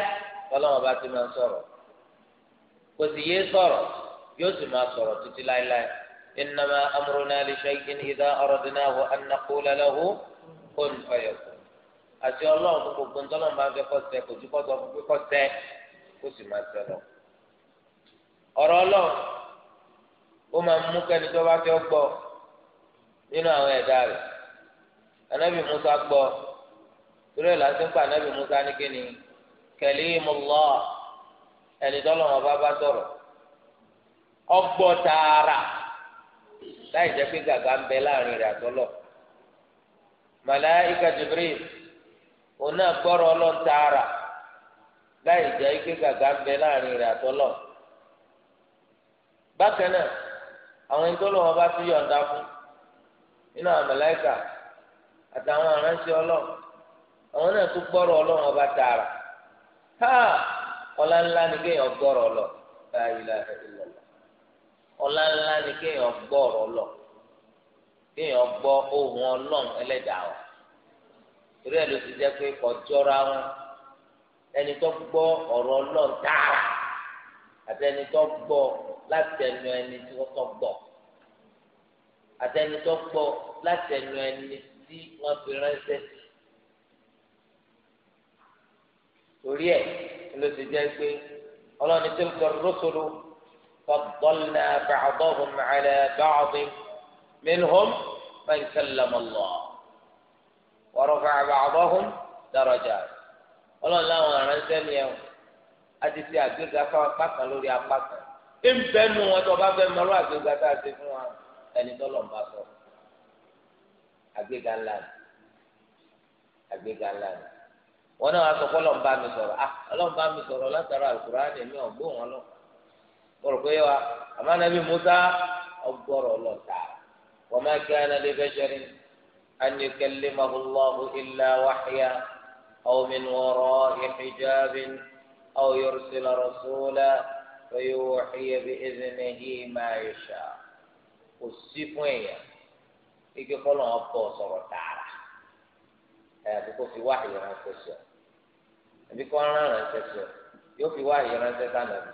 lọ́lọ́wọ́ ti máa kò sì yé إنما أمرنا لشيء إذا أردناه أن نقول له كن فيكون àti ọlọ́run tó gbogbo ń tọ́lọ́run bá ń fẹ́ kọ́ sẹ́ kò ju kọ́ sọ fún kíkọ́ sẹ́ kó sì máa sẹ́ lọ. ọ̀rọ̀ ọlọ́run ó máa ń mú kẹ́ni tó bá fẹ́ gbọ́ nínú àwọn ẹ̀dá rẹ̀ anábì Musa gbọ́ torí ẹ̀ láti ń pa anábì Musa ní kíni Kalimullah ẹni tọ́lọ́run ọba bá sọ̀rọ̀ ọgbọ́ tààrà. láì jẹ́ pé gàgà ń bẹ láàrin rẹ̀ àtọ́lọ̀ màláìka Jibril òun gbọrọ gbọ́rọ̀ láì jẹ́ pé gàgà ń bẹ láàrin rẹ̀ àtọ́lọ̀ bákan náà àwọn ẹni tó bá tún yọ̀ǹda fún nínú àwọn màláìka àtàwọn àwọn náà tún tààrà ha ọlá ńlá ọlá ńlá ni kéèyàn gbọ́ ọ̀rọ̀ lọ kéèyàn gbọ́ ohùn ọlọ́run ẹlẹ́dàá ọ̀ torí ẹ̀ ló ti jẹ́ pé kọjọ́ra wọn ẹni tó gbọ́ ọ̀rọ̀ ọlọ́run tààrà àti ẹni tó gbọ́ láti ẹnu ẹni tí wọ́n kọ́ gbọ́ àti ẹni tó gbọ́ láti ẹnu ẹni tí wọ́n fi ránṣẹ́ sí torí ẹ̀ ló ti jẹ́ pé ọlọ́run tó ń sọ rọ́sọ̀rọ̀. فضلنا بعضهم على بعض منهم من كلم الله ورفع بعضهم درجات ọlọ́run láwọn aránṣẹ́ ni ẹ a ti ṣe àgbéga fáwọn apá kan lórí apá kan ń bẹ nu wọn tó bá fẹ́ mọ lọ́wọ́ àgbéga tá a ṣe fún wa ẹni tọ́lọ̀ ń bá sọ àgbéga ńlá ni àgbéga ńlá ni wọn náà wá sọ pé ọlọ́run bá mi sọ̀rọ̀ ah ọlọ́run bá mi sọ̀rọ̀ látara àlùkùránì mi ò gbóhùn ọlọ́run kọrọ pé wa àmọ́ anabi musa ọgbọrọ lọta wa ma kana li basharin an yukallimahu Allahu illa wahya aw min wara'i hijabin aw yursila rasula fayuhiya bi idhnihi ma yasha kò sí fún èèyàn ike kọlọ ọkọ sọ̀rọ̀ tààrà ẹ àti kò fi wáyé ránṣẹ́ sí ọ àbí kọ rán ránṣẹ́ yóò fi wáyé ránṣẹ́ sànàbí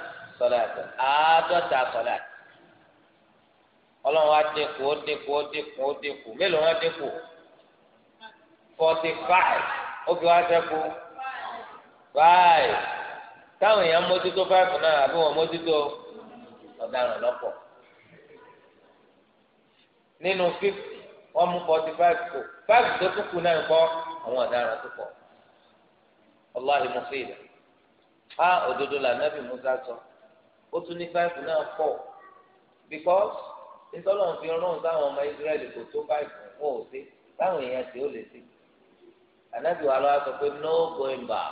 sọláàtì àádọ́ta sọláàtì ọlọ́run wa dínkù ó dínkù ó dínkù ó dínkù mélòó wọn dínkù forty five ó fi wá sẹ́kù five táwọn èèyàn mójútó five náà àbí wọn mójútó ọ̀daràn lọ́pọ̀ nínú fifty wọ́n mú forty five kù five tó tún kù náà ń bọ́ àwọn ọ̀daràn tó pọ̀ ọlọ́hìn mú fèèlè á òdodo làǹdàbí musa sọ. So ó tún ní fáìfù náà pọ̀ because ìtọ́lọ̀ fi rán sáwọn ọmọ Israẹli kò tó fáìfù wọn ò sí táwọn èèyàn tí ó lè sí ànábì wa lọ́wọ́ sọ pé no going back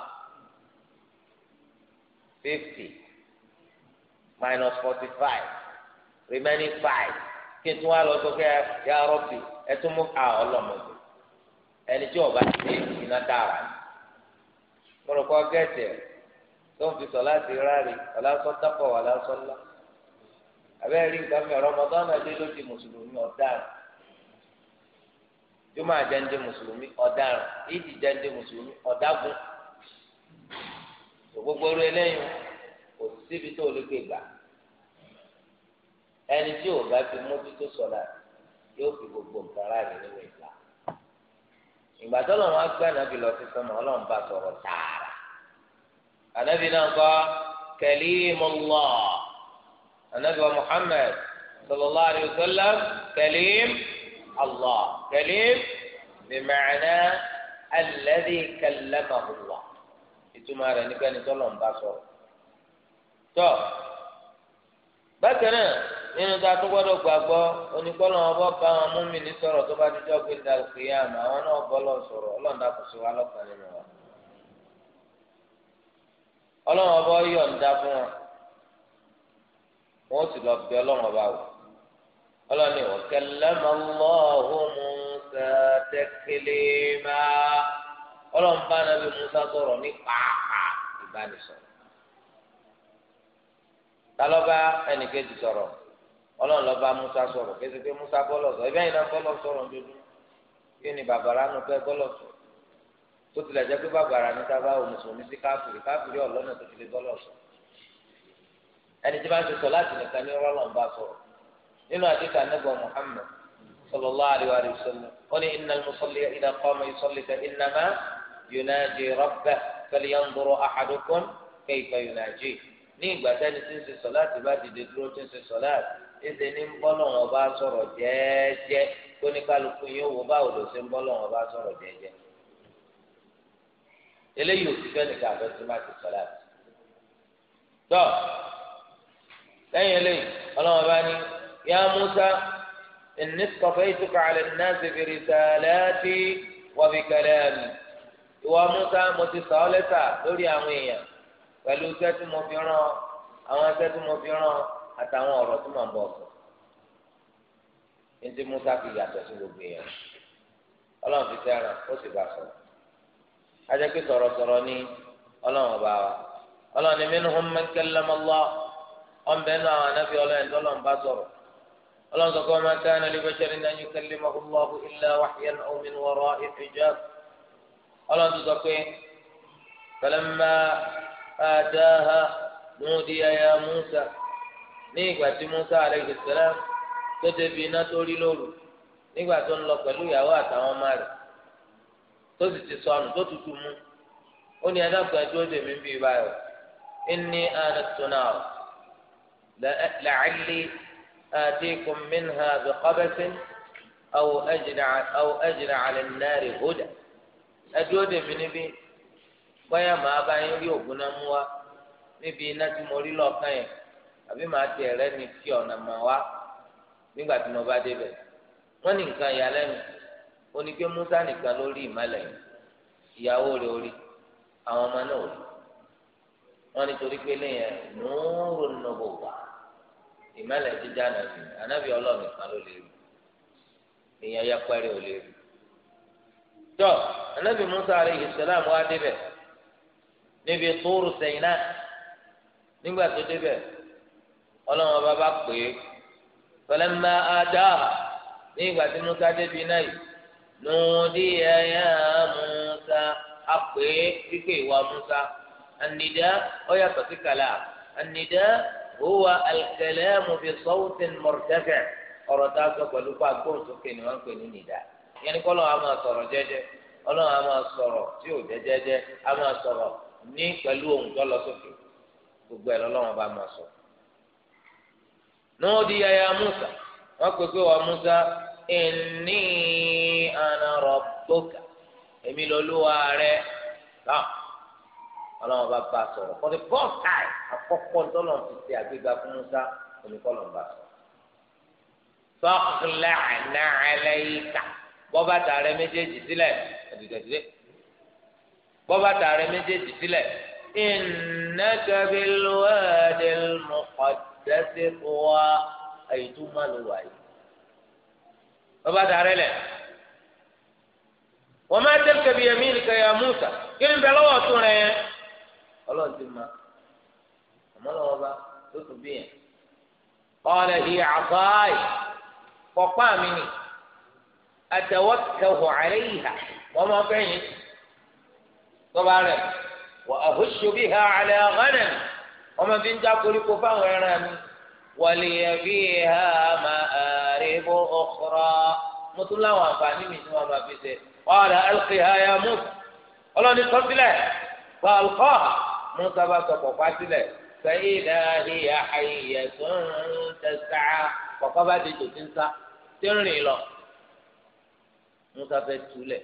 fifty minus forty five remaining five kí n tún wá lọ sọ pé ya rọ́bì ẹ tún mú ká ah, ọlọ́mọdé ẹni tí ọba ti dé iná dára mo rò pé gẹ̀ẹ́sì rẹ̀. tó fi sọlá ti ráre ọlásọ dápọ̀ wà lásọ ńlá abẹ́rẹ́ rí nǹkan mi Ramadan náà dé lóde mùsùlùmí ọ̀daràn jọmọ àjẹndé mùsùlùmí ọ̀daràn ìdí jẹndé mùsùlùmí ọ̀dágun gbogbo eléyìí kò síbi tó lè ẹni tí ò bá fi yóò fi gbogbo nǹkan ráàyè nínú ìgbà ìgbà tó lọ́wọ́ bí sọmọ ọlọ́run bá sọ̀rọ̀ anabi náà kọ́ kalimullah anabi wa muhammad sallallahu alayhi wa sallam kalim allah kalim bimacna alladhi kallamahu allah ìtumọ̀ rẹ̀ nígbà ní tọ́lọ̀ ń bá sọ̀rọ̀ tọ́ bákan náà nínú tá a tún gbọ́dọ̀ gbàgbọ́ onígbọ́lọ́ ọbọ̀ bá wọn mú ní sọ̀rọ̀ tó bá dídọ́ gbé dàgbé yàrá àwọn náà bọ́ lọ sọ̀rọ̀ ọlọ́ọ̀dà kò sí wa lọ́kàn nínú wa ọlọ́run ọba yọ̀ǹda fún wọn wọn ó sì lọ bí ọlọ́run ọba wò ọlọ́run ni wọ́n kẹlẹ́mọ lọ́ọ̀hún Musa tẹ́kẹ́lẹ́ máa ọlọ́run bá nàbí Musa sọ̀rọ̀ ní pàápàá ìbánisọ̀rọ̀ talọ́ba ẹnìkejì sọ̀rọ̀ ọlọ́run lọ́ba Musa sọ̀rọ̀ kí ẹ ti pé Musa bọ́lọ̀ sọ̀rọ̀ ẹ bẹ́ẹ̀ ni bọ́lọ̀ sọ̀rọ̀ ń kí ni bàbá ránú pé bọ́lọ̀ sọ̀rọ̀ ó ti dàjẹ́ pé bàbá ara mi ta bá wò mùsùlùmí sí káfìrí káfìrí ọ̀lọ́nà tó fi lè bọ́ lọ́sọ̀ ẹni tí wọ́n ti sọ láti nìkan ní rọ́lọ́n bá sọ̀rọ̀ nínú àdìsá nígbà Muhammad sallallahu alayhi wa sallam ó ní innal musalli idha qama yusalli fa innama yunaji rabbahu falyanzuru ahadukum kayfa ń dúró tí ń ṣe ní ń bọ́ lọ́wọ́ ń eléyìí ò sí fẹ́ nìkan àfẹ́ tí má ti sọ̀lá àti. tọ́ lẹ́yìn eléyìí ọlọ́wọ́n bá ní yá Musa inni istafaytuka ala an-nasi bi risalati wa bi kalami ìwọ Musa mo ti sọ ọ́ lẹ́tà lórí àwọn èèyàn pẹ̀lú iṣẹ́ tí mo fi rán àwọn iṣẹ́ tí mo fi rán àtàwọn ọ̀rọ̀ tí mò ń bọ̀ sọ. ní ti Musa fi yàtọ̀ sí gbogbo èèyàn ọlọ́run fi fẹ́ràn ó sì bá sọ̀rọ̀ ajẹ́pẹ́ sọ̀rọ̀sọ̀rọ̀ ní ọlọ́run ọba wa ọlọ́run minhum man kallama Allah ọ̀nbẹ́ náà àwọn anábì ọlọ́run tọ́lọ́run bá sọ̀rọ̀ ọlọ́run sọ pé ma kana li basharin an yukallimahu Allahu illa wahyan aw min wara'i hijab ọlọ́run sọ pé falamma ataha nudiya ya Musa ní ìgbà tí Musa alayhi salam tó débi iná tó sì ti sọ ọnù tó tutù mú ó ní adágún ẹjọ́ dèmí bíi báyọ̀ inni anastu làálí آتيكم منها بقبس أو أجد أو أجد على النار هدى ẹdúró dèmí níbí bóyá màá bá yín rí ògùn náà mú wa níbi iná tí mo rí lọ́ọ̀kan yẹn àbí màá ti ẹ̀rẹ́ ni fi ọ̀nà mà wá nígbà tí mo bá débẹ̀ wọ́n ní nǹkan ìyàlẹ́nu ó Musa nìkan ló rí ìmọ̀lẹ̀ yìí ìyàwó rẹ̀ orí àwọn ọmọ náà orí wọn nítorí pé lẹ́yìn nùúrù nùbò wà ìmọ̀lẹ̀ jíjà nàbì ànábì ọlọ́ọ̀ nìkan ló lè rí èèyàn ya pẹ́rẹ́ ò lè rí tọ́ ànábì Musa alayhi salam wá débẹ̀ níbi tóoru sẹ́yìn náà nígbà tó débẹ̀ ọlọ́wọ́n bá bá pè é falamma àdáhà ní ìgbà tí Musa débi náà yìí. نودي يا موسى أقي بكي وموسى النداء ويا كلام النداء هو الكلام بصوت مرتفع أردت pẹ̀lú pa gbóhùn sókè ni wọ́n ń pè ní nìdá yẹn ni kọ́lọ́ a máa sọ̀rọ̀ jẹ́jẹ́ ọlọ́run a máa sọ̀rọ̀ tí ò jẹ́jẹ́jẹ́ a máa sọ̀rọ̀ ní pẹ̀lú ohùn tó lọ sókè gbogbo ẹ̀ lọ́lọ́run bá máa sọ. nùdí yaya musa wọ́n pè pé musa inni ana rabbuka èmi lọ́lúwa rẹ̀ náà ọlọ́run bá bá sọ̀rọ̀ for the first time àkọ́kọ́ tọ́lọ̀ ti ṣe àgbéga fún musa oníkọ́lọ̀ ń bá sọ̀rọ̀. sọ́kìlá àlẹ́ ìka bọ́bá tààrẹ méjèèjì sílẹ̀ ẹ̀dùdẹ̀dẹ̀ bọ́bá tààrẹ méjèèjì sílẹ̀ ìnẹ́kẹ̀bí lọ́ọ̀dẹ̀ mọ̀kọ́dẹ́sẹ̀ wá èyí tó má lọ wáyé. o dàrẹ́ lẹ̀ wọ́n máa tẹ́ kẹ́bi yẹmí nìkan ya Musa kí ni bẹ́ẹ̀ lọ́wọ́ tún yẹn ti ma àmọ́ lọ́wọ́ bá tó tún bí yẹn ọ̀rẹ́ ìyá àbáyé kọ̀pá mi ni àtẹwọ́tẹwọ̀ àrẹ ìhà wọ́n máa fẹ́ yín Wa rẹ̀ bí ha àlẹ́ ọ̀gánẹ̀ wọ́n máa ń dá koríko fáwọn ẹran ولي فيها مآرب أخرى مثل ما فاني من ما في قال ألقها يا موسى قال نتصله فألقاها موسى بقى فإذا هي حية تسعى فقبل تنسى تنري له موسى فتولى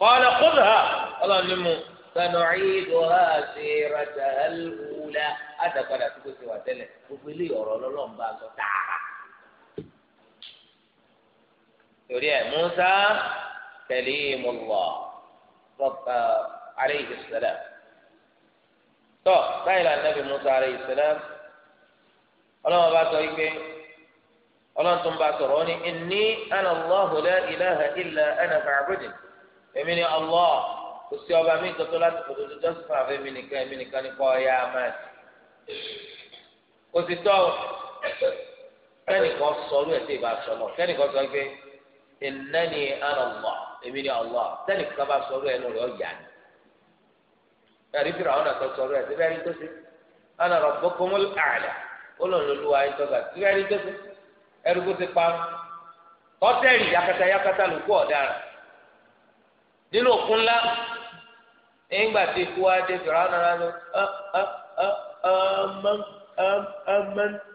قال خذها قال نمو سنعيدها سيرتها الأولى ula àdàpadà tí kò ti wà tẹ́lẹ̀ gbogbo ilé ọ̀rọ̀ lọ́lọ́run bá sọ tààrà. torí ẹ Musa kalimullah rọpa alayhi salam tọ báyìí la nàbì Musa alayhi salam ọlọ́run bá sọ wípé ọlọ́run tó ń bá sọ̀rọ̀ ó ní inni ana Allahu la ilaha illa ana fa'budin èmi ni Allah kò sí ọba mi tọ́tọ́ láti fòtò tó jọ́sìn fún àfẹ́ mi nìkan ẹ̀mí nìkan ní kọ́ ọ̀yá amáàdì kò sì tọ́ kẹ́nìkan sọ̀rọ̀ ẹ̀ tí ì bá sọ̀rọ̀ kẹ́nìkan sọ pé ìnáni ànàlọ́ èmi ni ọ̀lọ́ kẹ́nìkan bá sọ̀rọ̀ ẹ̀ lórí ọ̀yà ni ẹ̀rí fìrà àwọn àtọ̀ sọ̀rọ̀ ẹ̀ síbẹ̀ ẹ̀rí tó ṣe ana rabbukumul a'la olólùwà ìtọ́gà síbẹ̀ nínú òkun ńlá nígbà tí ikú wa dé fìrà ọ̀nà rárá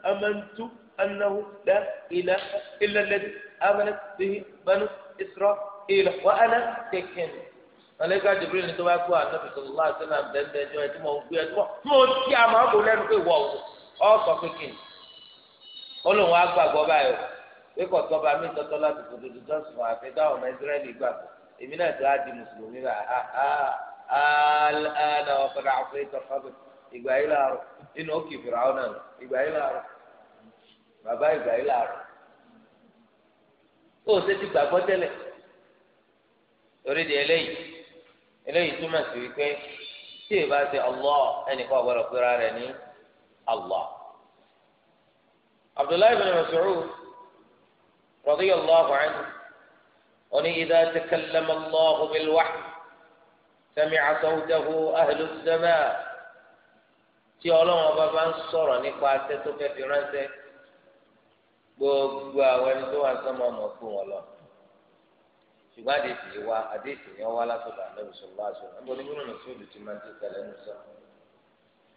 amantu annahu la ilaha illa alladhi amanat bihi banu isra'ila wa ana takin malayika jibril ni tó kú anabi sọlọlá àtẹnà bẹnbẹ jọ ẹ tí mo gbé ẹ tí mo tí a máa bò lẹ́nu pé wọ ọ sọ pé olóhùn wa gbàgbọ́ pé mi láti fòdòdó àfi dáhùn èmi náà tó di mùsùlùmí rà alẹ́ ọ̀kadà àfẹ́ ìtọ́kadà ìgbà yìí làárọ̀ inú òkè fìràwọ̀ náà ìgbà yìí làárọ̀ bàbá ìgbà yìí làárọ̀ ó ṣe ti gbàgbọ́ tẹ́lẹ̀ torí di eléyìí eléyìí túmọ̀ sí wípé tí ì bá ṣe Allah ẹnìkan ọ̀gbọ́dọ̀ pera rẹ̀ ní Allah Abdullahi bin Mas'ud radiyallahu anhu oní idha takallama Allahu bil wahyi sami'a sawtahu ahlu as-samaa tí ọlọ́run ọba bá ń sọ̀rọ̀ nípa atẹ́ tó fẹ́ fi ránṣẹ́ gbogbo àwọn ẹni tó wà sọ́mọ ọmọ fún wọn lọ. ṣùgbọ́n àdéhùn yìí wá àdéhùn yẹn wá látọ̀dọ̀ ànábì sọ̀rọ̀ àṣọ̀rọ̀ níbo ni mímú nàá sóòlù máa ń tẹ̀sẹ̀ lẹ́nu sọ.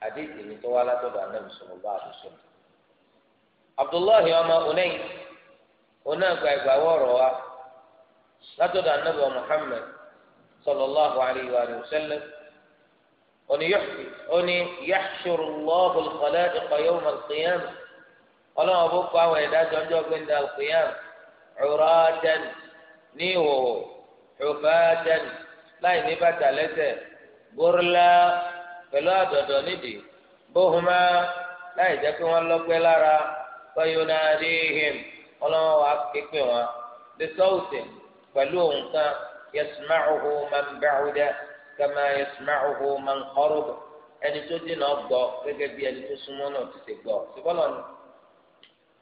àdéhùn yìí tó wá látọ̀dọ̀ ànábì sọ̀rọ̀ bá àṣọ̀rọ̀. abdullahi ọmọ onayin onáàgbà ìgbàwọ̀ ọ̀rọ̀ wa látọ̀dọ̀ ànábì muhammed sallallahu alayhi wa sallam oni yaxshuru allahu alqaladiqa yawma alqiyam ọlọ́run ọbọ kọ àwọn ẹ̀dá jọjọ gbẹndé alqiyam curaatan ní ìhòòhò xufaatan láì ní bàtà lẹ́sẹ̀ burla pẹ̀lú àdọ̀dọ̀ nídìí bóhùmá láì jẹ́ pé wọ́n lọ́gbẹ́ lára fayona adéhìm ọlọ́run wa képe wọn lè sọ́ọ̀sì pẹ̀lú òun kan. يسمعه من بعد كما يسمعه من قرب ẹni tó dènà gbọ́ gẹ́gẹ́ bí ẹni tó súnmọ́ náà ti ṣe gbọ́ ṣùgbọ́n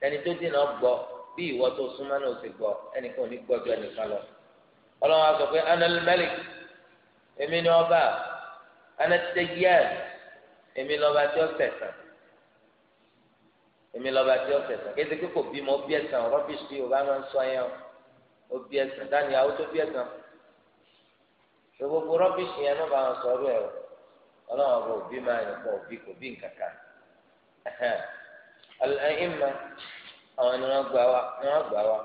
ẹni tó dènà gbọ́ bí ìwọ tó súnmọ́ náà ti gbọ́ ẹnìkan ò ní gbọ́dọ̀ ẹnìkan lọ. ọlọ́run á sọ pé anal malik èmi ni ọba anatẹ́gíyàn èmi lọ́ba tí ó tẹ̀sán èmi lọ́ba tí ó tẹ̀sán kí ẹ ti pé kò bímọ ó bí ẹ̀sán rọ́bìṣì tí o bá máa ń sọ yẹn o bí ẹ̀sán dáníyàwó tó bí ẹ̀sán ṣe gbogbo rọ́bìṣì yẹn má bá wọn sọ ọ̀rọ̀ ẹ̀ o ọlọ́run ọba òbí máa yàn pọ̀ òbí kò bí nǹkan kan al-a'imma àwọn ni wọ́n gbà wá ni wọ́n gbà wá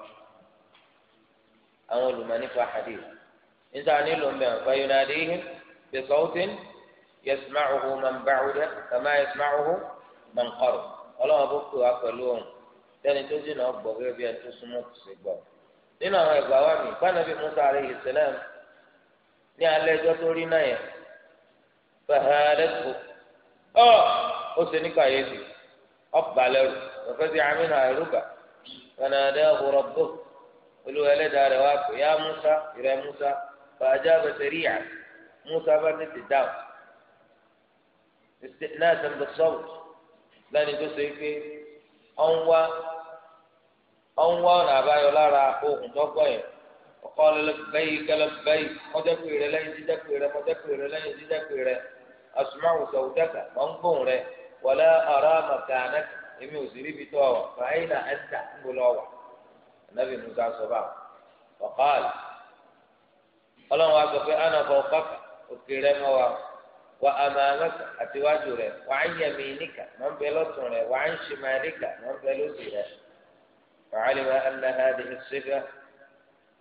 àwọn olùmọ̀ nípa hadith níta nílò ń bẹ̀ wọ́n fayunadihim bi sawtin yasma'uhu man ba'uda kama yasma'uhu man qaraba ọlọ́run ọba òkè wá pẹ̀lú òun tẹ́ni tó jìnnà gbọ́ bí ẹni tó súnmọ́ kùsì gbọ́ nínú àwọn ìgbà wa mi ní alẹ́ ẹjọ́ tó rí náà yẹn fẹ̀hẹ́rẹ́sì ọ ó ṣe ní lẹ́rù amínà àìrúbà rẹ̀ wá pé yá musa ìrẹ́ musa fàájà bẹ̀sẹ̀ ríyà musa bá náà sọ́wọ́ lẹ́ni tó ṣe pé ọ̀nà àbáyọ lára ohun tó yẹn. ọ̀kọ́lẹ̀ lẹ́bẹ̀yì kẹlẹ́bẹ̀yì mọ́jẹ́pẹ̀ rẹ lẹ́yìn jíjẹ́pẹ̀ rẹ mọ́jẹ́pẹ̀ rẹ lẹ́yìn jíjẹ́pẹ̀ rẹ asùmáwò sọ̀wùdẹ́kà wọ́n ń gbóhùn rẹ wọlé ọ̀rọ̀ màkànà èmi ò sì rí ibi tó ọ̀wà fàáyínà ẹ̀ńtà ń bọ̀ lọ́wà ẹ̀nàbì musa sọ bá ọ̀kọ́lẹ̀ ọlọ́run wa sọ pé ana bọ̀ kọ́kà òkè rẹ mọ́ wa wa amamaka àtiwájú rẹ wà á yẹmi níkà mọ̀ ń bẹ lọ́tún rẹ wà á ń ṣe máa níkà mọ̀ ń bẹ lọ́sì rẹ wàhálì wa ẹ̀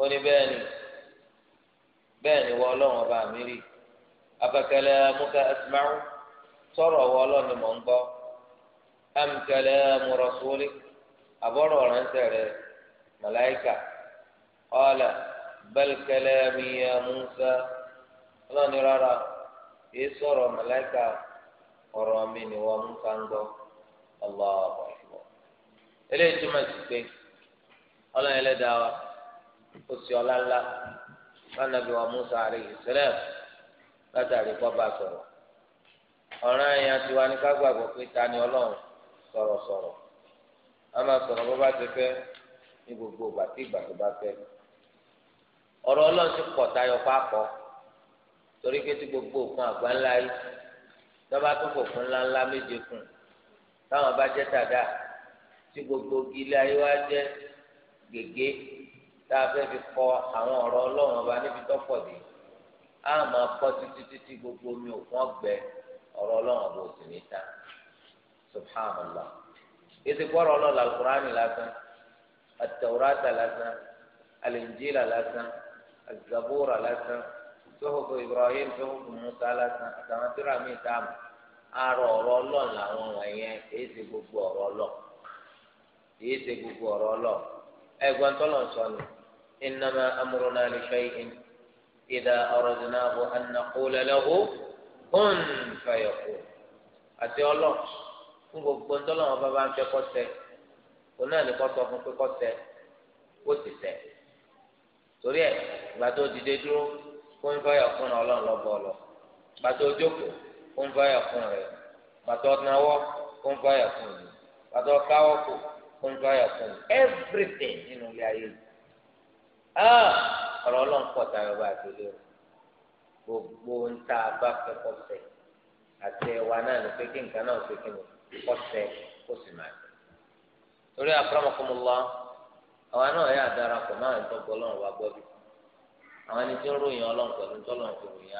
ó ní bẹ́ẹ̀ ni bẹ́ẹ̀ ni wọ́n ọba mi rí muka asmau sọ̀rọ̀ wọ́n ni mò ń gbọ́ amkẹ́lẹ́ murasúlì àbọ̀rọ̀ ránṣẹ́ rẹ̀ màláìkà ọ̀là ọla miya musa ọlọ́run ni rárá èyí sọ̀rọ̀ malaika ọ̀rọ̀ mi ni wọ́n musa ń gbọ́ ọlọ́run eléyìí túmọ̀ sí pé oṣù ọlá ńlá lánàbí wa Musa alayhi salam látàrí kọba sọ̀rọ̀ ọ̀ràn ẹ̀yàn tiwa ní ká gbàgbọ́ pé ta ni Ọlọ́run sọ̀rọ̀ sọ̀rọ̀ a máa sọ̀rọ̀ bó ti ní gbogbo ìgbà tí ìgbà tó bá fẹ́ ọ̀rọ̀ Ọlọ́run ti tayọ pápọ torí pé tí gbogbo òkun àgbá ńlá yìí tó kò fún méje kù táwọn bá tàdá gbogbo ilé tá a fẹ́ fi kọ àwọn ọ̀rọ̀ ọlọ́run ọba níbi tọ́pọ̀ dé á máa kọ́ títí títí gbogbo omi òkun ọ̀gbẹ ọ̀rọ̀ ọlọ́run ọba òsì ní ta subhanallah yìí kọ́rọ̀ ọlọ́run alukurani lásán atawurata lásán alinjila lásán azabura lásán sohobo ibrahim sohobo musa lásán àtàwọn tíra mi ta mọ arọ ọ̀rọ̀ ọlọ́run làwọn wọ̀nyẹn èyí gbogbo ọ̀rọ̀ ọlọ́run èyí gbogbo ọ̀rọ̀ ọlọ́run tọlọ sọ ni. إنما أمرنا لشيء إذا أردناه أن نقول له كن فيكون àti ọlọ́ọ̀ fún gbogbo ńdọ́lọ́wọ́n bá bá ń fẹ́ kọ́sẹ́ òun náà ní kọ́ sọ fún pé kọ́sẹ́ ó sì tẹ̀ torí ẹ̀ ìgbà tó dìde dúró kó ń fọyà fún ọlọ́run lọ́bọ̀ ọ̀lọ́ ìgbà tó jókòó fún rẹ̀ ìgbà tó náwọ́ kó fún mi ìgbà tó káwọ́ kó kó fún mi everything nínú ilé ayé yìí. Ah, ọ̀rọ̀ ọlọ́run pọ̀ tá a yọ bá o gbogbo ń tá a bá fẹ́ sẹ̀ àti ẹwà náà ló pé kí nǹkan náà ṣe kí ni kọ́ sẹ̀ kó sì máa jẹ. torí akramakumullah àwa náà yà dára pọ̀ pẹ̀lú tọ́lọ́run ròyìn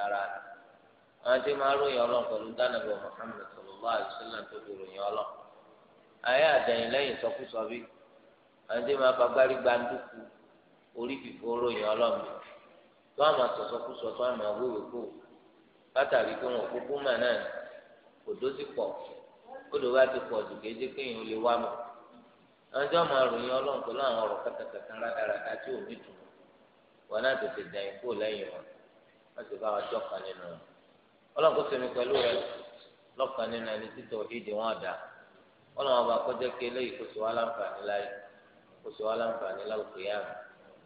ara rẹ̀ àwọn ti máa ròyìn ọlọ́run pẹ̀lú orí fífò ròyìn ọlọ́mọ tó àmà sọ̀sọ́kúsọ tó àmà wíwèkú látàrí pé wọn kúkú mà náà òdó ti pọ̀ odò wa ti pọ̀ jù kéde kéèyàn lè wá mọ̀ àwọn tí ròyìn ọlọ́run pẹ̀lú àwọn ọ̀rọ̀ kàtàkàtà rádaràdà tí ò ní dùn wọn náà tètè wa nínú wọn ọlọ́run sẹ́mi pẹ̀lú rẹ lọ́kàn nínú ẹni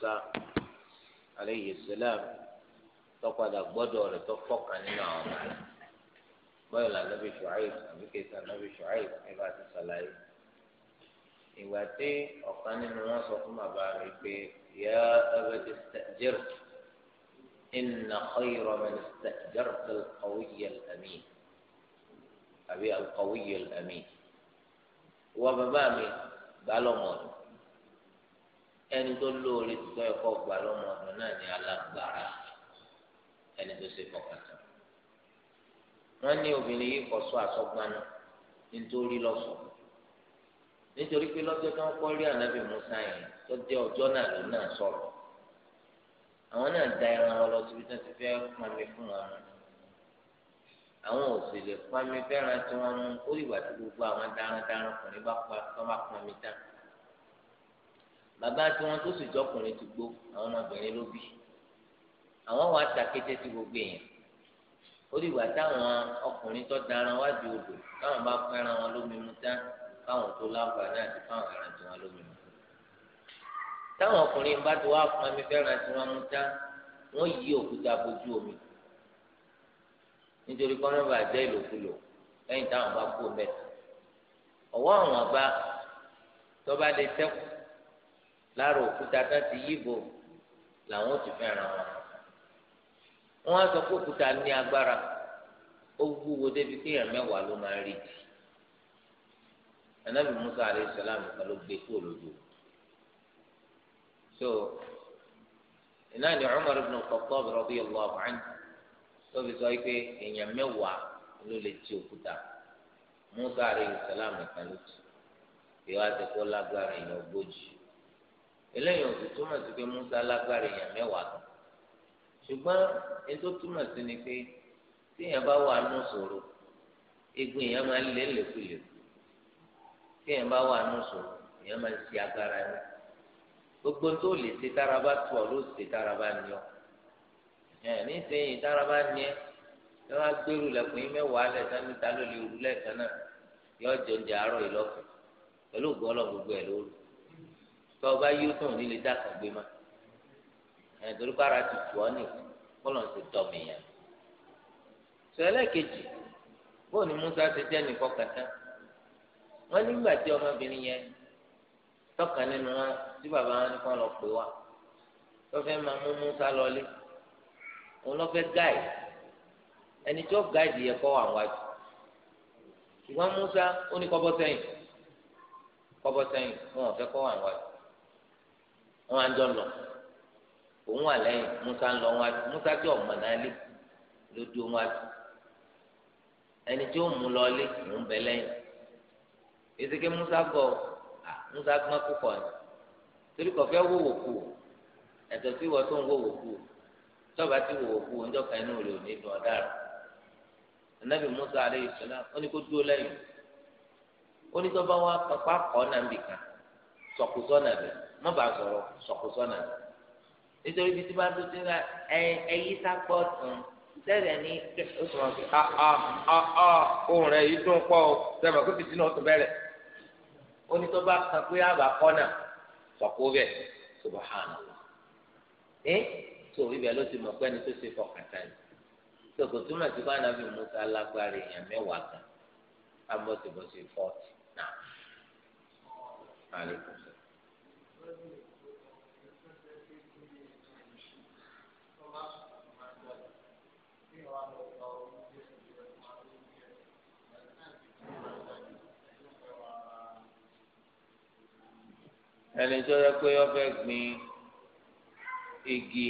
Musa aleyhi salam tọ́padà gbọ́dọ̀ rẹ̀ tó fọ́kàn nínú àwọn ọmọ rẹ̀ bọ́yọ̀ là nàbí Shu'aib àbí kẹta nàbí Shu'aib ẹ bá ti sàlàyé ìgbà tí ọ̀kan nínú wọn sọ fún bàbá rẹ̀ pé ya abati istajir inna khayra man istajarta al-qawiyya al-amin àbí al-qawiyya al-amin wọ́n bàbá mi gbà lọ́mọdún ẹni tó lóore tó ẹ̀kọ́ gbà lọ́mọ ọdún náà ní alágbára ẹni tó ṣe fọkàtà wọn ní obìnrin yìí kọ sọ àsọgbánu nítorí lọsọ nítorí pé lọ́jọ́ tó ń kọ́ rí ànábì musa yẹn tó jẹ́ ọjọ́ náà ló náà sọ̀rọ̀ àwọn náà da ẹran wọn lọ síbi tó ti fẹ́ pọnmi fún wọn àwọn ò lè pọnmi fẹ́ràn tí wọ́n mú ó ìwà tí gbogbo àwọn darandaran kùnrin bá pọnmi tán bàbá tiwọn tó sì jọkùnrin ti gbó àwọn ọmọbìnrin ló bí àwọn wa ta kété tí gbogbo èèyàn ó lè wà táwọn ọkùnrin tó daran wájú odò táwọn bá fẹ́ràn wọn lómi mu tán káwọn tó láǹfààní àti fáwọn aràn tí wọn lómi mu táwọn ọkùnrin bá ti wá fún ẹmí fẹ́ràn tí wọn mu tán wọn yí òkúta bójú omi nítorí kọ́nọ́bà jẹ́ ìlòkulò lẹ́yìn táwọn bá kú ọbẹ̀ ọwọ́ àwọn bá tọ́ba lè sẹ́kù lára òkúta tá ti yíbo làwọn ti fẹ́ràn wọn. wọ́n á sọ pé òkúta ní agbára ó wúwo débi pé èèyàn mẹ́wàá ló máa rí di. ànábì Musa alayhi salam nìkan ló gbé kúrò lójú. so iná ni Umar ibn al-Khattab radiyallahu anhu tó fi sọ pé èèyàn mẹ́wàá ló lè ti òkúta Musa alayhi salam nìkan ló ti. ìwádìí kó lágbára èèyàn ogójì eléyìí ò sì túmọ̀ sí pé Musa lágbára èèyàn mẹ́wàá lọ ṣùgbọ́n ètò túmọ̀ sí ni pé tí èèyàn bá wà nù ṣòro egun èèyàn máa ń lé lèkulè tí èèyàn bá wà nù ṣòro èèyàn máa ń ṣe agbára ní gbogbo tó lè ṣe tára bá ọ ló ṣe tára bá ẹ nísìnyí tára bá ẹ wá gbèrú lẹkùn yín mẹ́wàá lẹ sani ta ló lè rú lẹ́ẹ̀kan náà yọ jẹ oúnjẹ àárọ̀ ìlọkùn pẹ̀lú gbọlọ gbogbo ẹ lóru tó o bá yí o tún nílé dákan gbé ma ẹ̀dùrú bára ti tù ọ́ nì kọ́lọ̀ ti dọ̀mì yẹn. sọ ẹlẹ́ẹ̀kejì bóun ni Musa ti jẹ́ nìkan kàtá wọ́n nígbà tí ọmọbìnrin yẹn tọ́ka nínú wọn tí bàbá wọn nìkan lọ pè wá tó fẹ́ máa mú Musa lọlé òun lọ fẹ́ gáì ẹni tí ó gáìdì yẹ kọ́ wà wájú ṣùgbọ́n Musa ó ní kọ́bọ́ sẹ́yìn kọ́bọ́ sẹ́yìn wọn ò fẹ́ kọ́ wà wájú wọn á jọ lọ òun wà lẹ́yìn musa ń lọ wọn musa tí ọmọ náà lé ló dúró wọn ẹni tí ó mú lọ lé òun bẹ lẹ́yìn ezeke musa gbọ́ musa gbọ́n púpọ̀ ni torí kọfẹ wòwò kù ẹ̀tọ́ sí wọn tó ń wòwò kù tọba tí wòwò kù ọjọ́ kan inú rẹ̀ ò ní dùn ọ̀daràn anabi musa aleyhi salam ó ní kó dúró lẹ́yìn ó ní tọba wa pápá kọ nàbì kan sọkùsọ nàbì kan má bàa sọ̀rọ̀ sọ̀kòsọ náà nítorí bí tí bá tó ti ń ra ẹyí tá pọ̀ tún sẹ́rẹ̀ ní ó sì ah, ah, ah, ohun rẹ̀ yìí dùn pọ̀ o sẹ́mi kó fìtí náà tó bẹ̀rẹ̀ ó kan pé àbá kọ́ náà sọ̀kó bẹ̀ subahana ẹ tó ibẹ̀ ló ti mọ̀ pé ẹni tó ṣe fọkàtà yìí tó túmọ̀ sí bá nàbì Musa lágbára èèyàn mẹ́wàá kan abọ́sibọ́sì fọ́ọ̀tì náà ẹni tó yẹ pé wọ́n fẹ́ gbin igi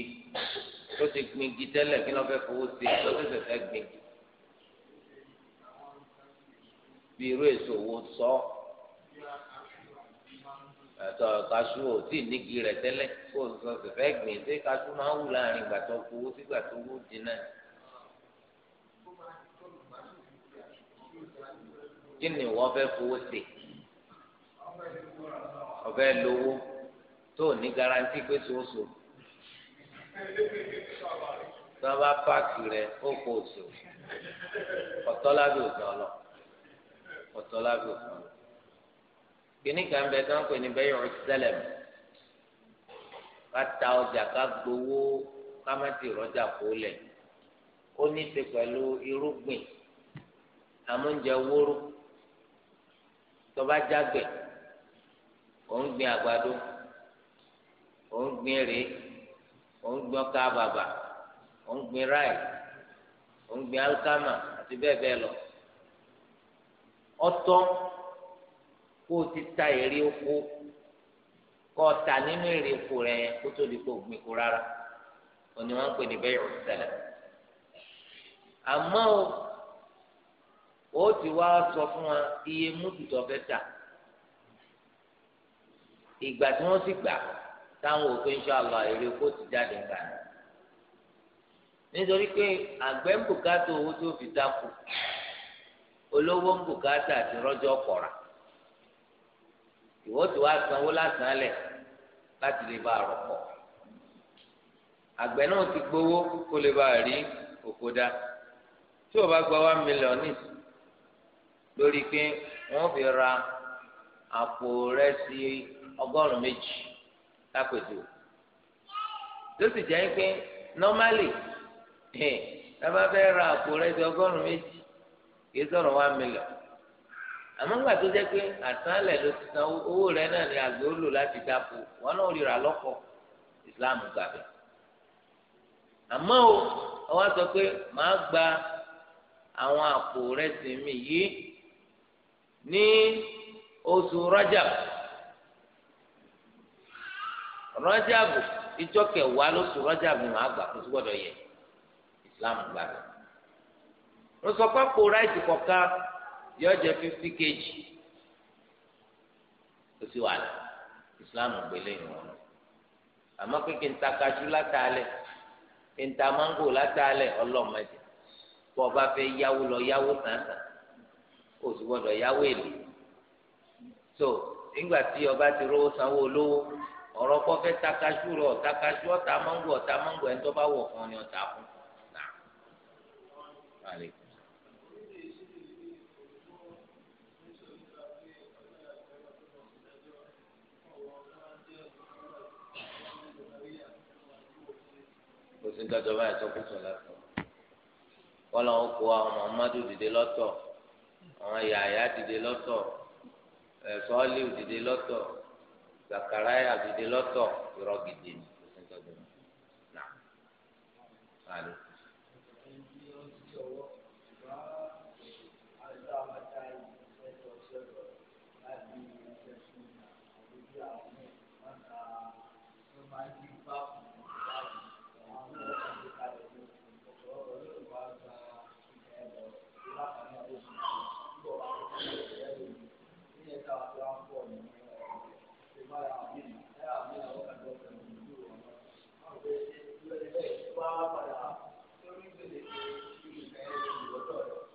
tó ti gbin igi tẹ́lẹ̀ kí wọ́n fẹ́ fowó sí i tó tẹ̀sẹ̀ fẹ́ gbin bí irú èso wo sọ. So sọ kaṣu ò tí ì nígi rẹ̀ tẹ́lẹ̀ kó o sọ fẹ́ gbìn ṣé kaṣu máa ń wù láàrin ìgbà tó kú sí ìgbà tó wù dín náà. kí ni ìwọ fẹ́ fowó ṣe ọ̀fẹ́ lówó tó ní garanti pé sòóso tí wọ́n bá páàkì rẹ̀ ó kó o sò ọ̀tọ́ lábẹ́ òfin ọlọ ọ̀tọ́ lábẹ́ òfin ọlọ. kìnnì kan bẹ tí wọn pè ní bẹyọ sẹlẹm ká ta gbowó ti rọjà kó lẹ ó ní í ṣe irúgbìn amóúnjẹ wóró tọba jágbẹ òun gbin àgbàdo òun gbin rèé òun gbin ọkà bàbà òun gbin ráì òun gbin alikama àti kó o ti ta èrè oko kó o ta nínú èrè oko rẹ kó tó di kó o gbìn kó rárá òní wọn ń pè ní bẹ́ẹ̀ ọ̀sẹ̀lẹ̀ àmọ́ o ti wá sọ fún wa iye mútùtù ọ̀fẹ́ tà ìgbà tí wọ́n sì gbà táwọn òfin ṣọlọ èrè oko ti jáde gbà nítorí pé àgbẹ̀ ń bùkátà owó tó fi dáko olówó ń bùkátà àti rọ́jò ọ̀kọ̀ra ìwọ ti wá sanwó lásán lẹ̀ láti lè bá àrò pọ̀ àgbẹ̀ náà ti gbowó kó lè bá rí òkò dá tí o bá gba one million ní lórí pé wọ́n fi ra àpò rẹ sí ọgọ́rùn-ún méjì lápèjọ tó sì jẹ́ pé normally ẹ bá fẹ́ ra àpò rẹ sí ọgọ́rùn-ún méjì kì í sọ̀rọ̀ one million àmọ́ nígbà tó jẹ́ pé àtàlẹ̀ ló ti san owó rẹ náà ni àgbẹ̀ lò láti dáko wọn náà ríra lọ́pọ̀ ìsìláàmù gbàgbẹ́ àmọ́ o àwa sọ pé màá gba àwọn àpò rẹ sí mi yìí ní oṣù Rajab Rajab ìjọ kẹwàá lóṣù Rajab màá gbà kó tó yẹ ìsìláàmù gbàgbẹ́ mo sọ pé àpò ráìtì kọ̀ọ̀kan. yóò jẹ fifty kg kò sí wàhálà islam gbélé ìwọ̀n àmọ́ pé kí n ta kajú látàlẹ́ kí n ta mango ọba yáwó lọ yáwó tàǹtà ó sì yáwó so nígbà tí ọba ti rówó sanwó olówó ọ̀rọ̀ ta rọ ọ̀ta kajú ọta mango ọta mango ẹni tó bá fún ọ ni fún ìjọba ìsọkúsọ lásán wọn làwọn kó àwọn Muhammadu dìde lọ́tọ̀ àwọn Yahya dìde lọ́tọ̀ eh, sọọliu dìde lọ́tọ̀ Zakaraya dìde lọ́tọ̀ irọ́ gidi ní ìjọba náà.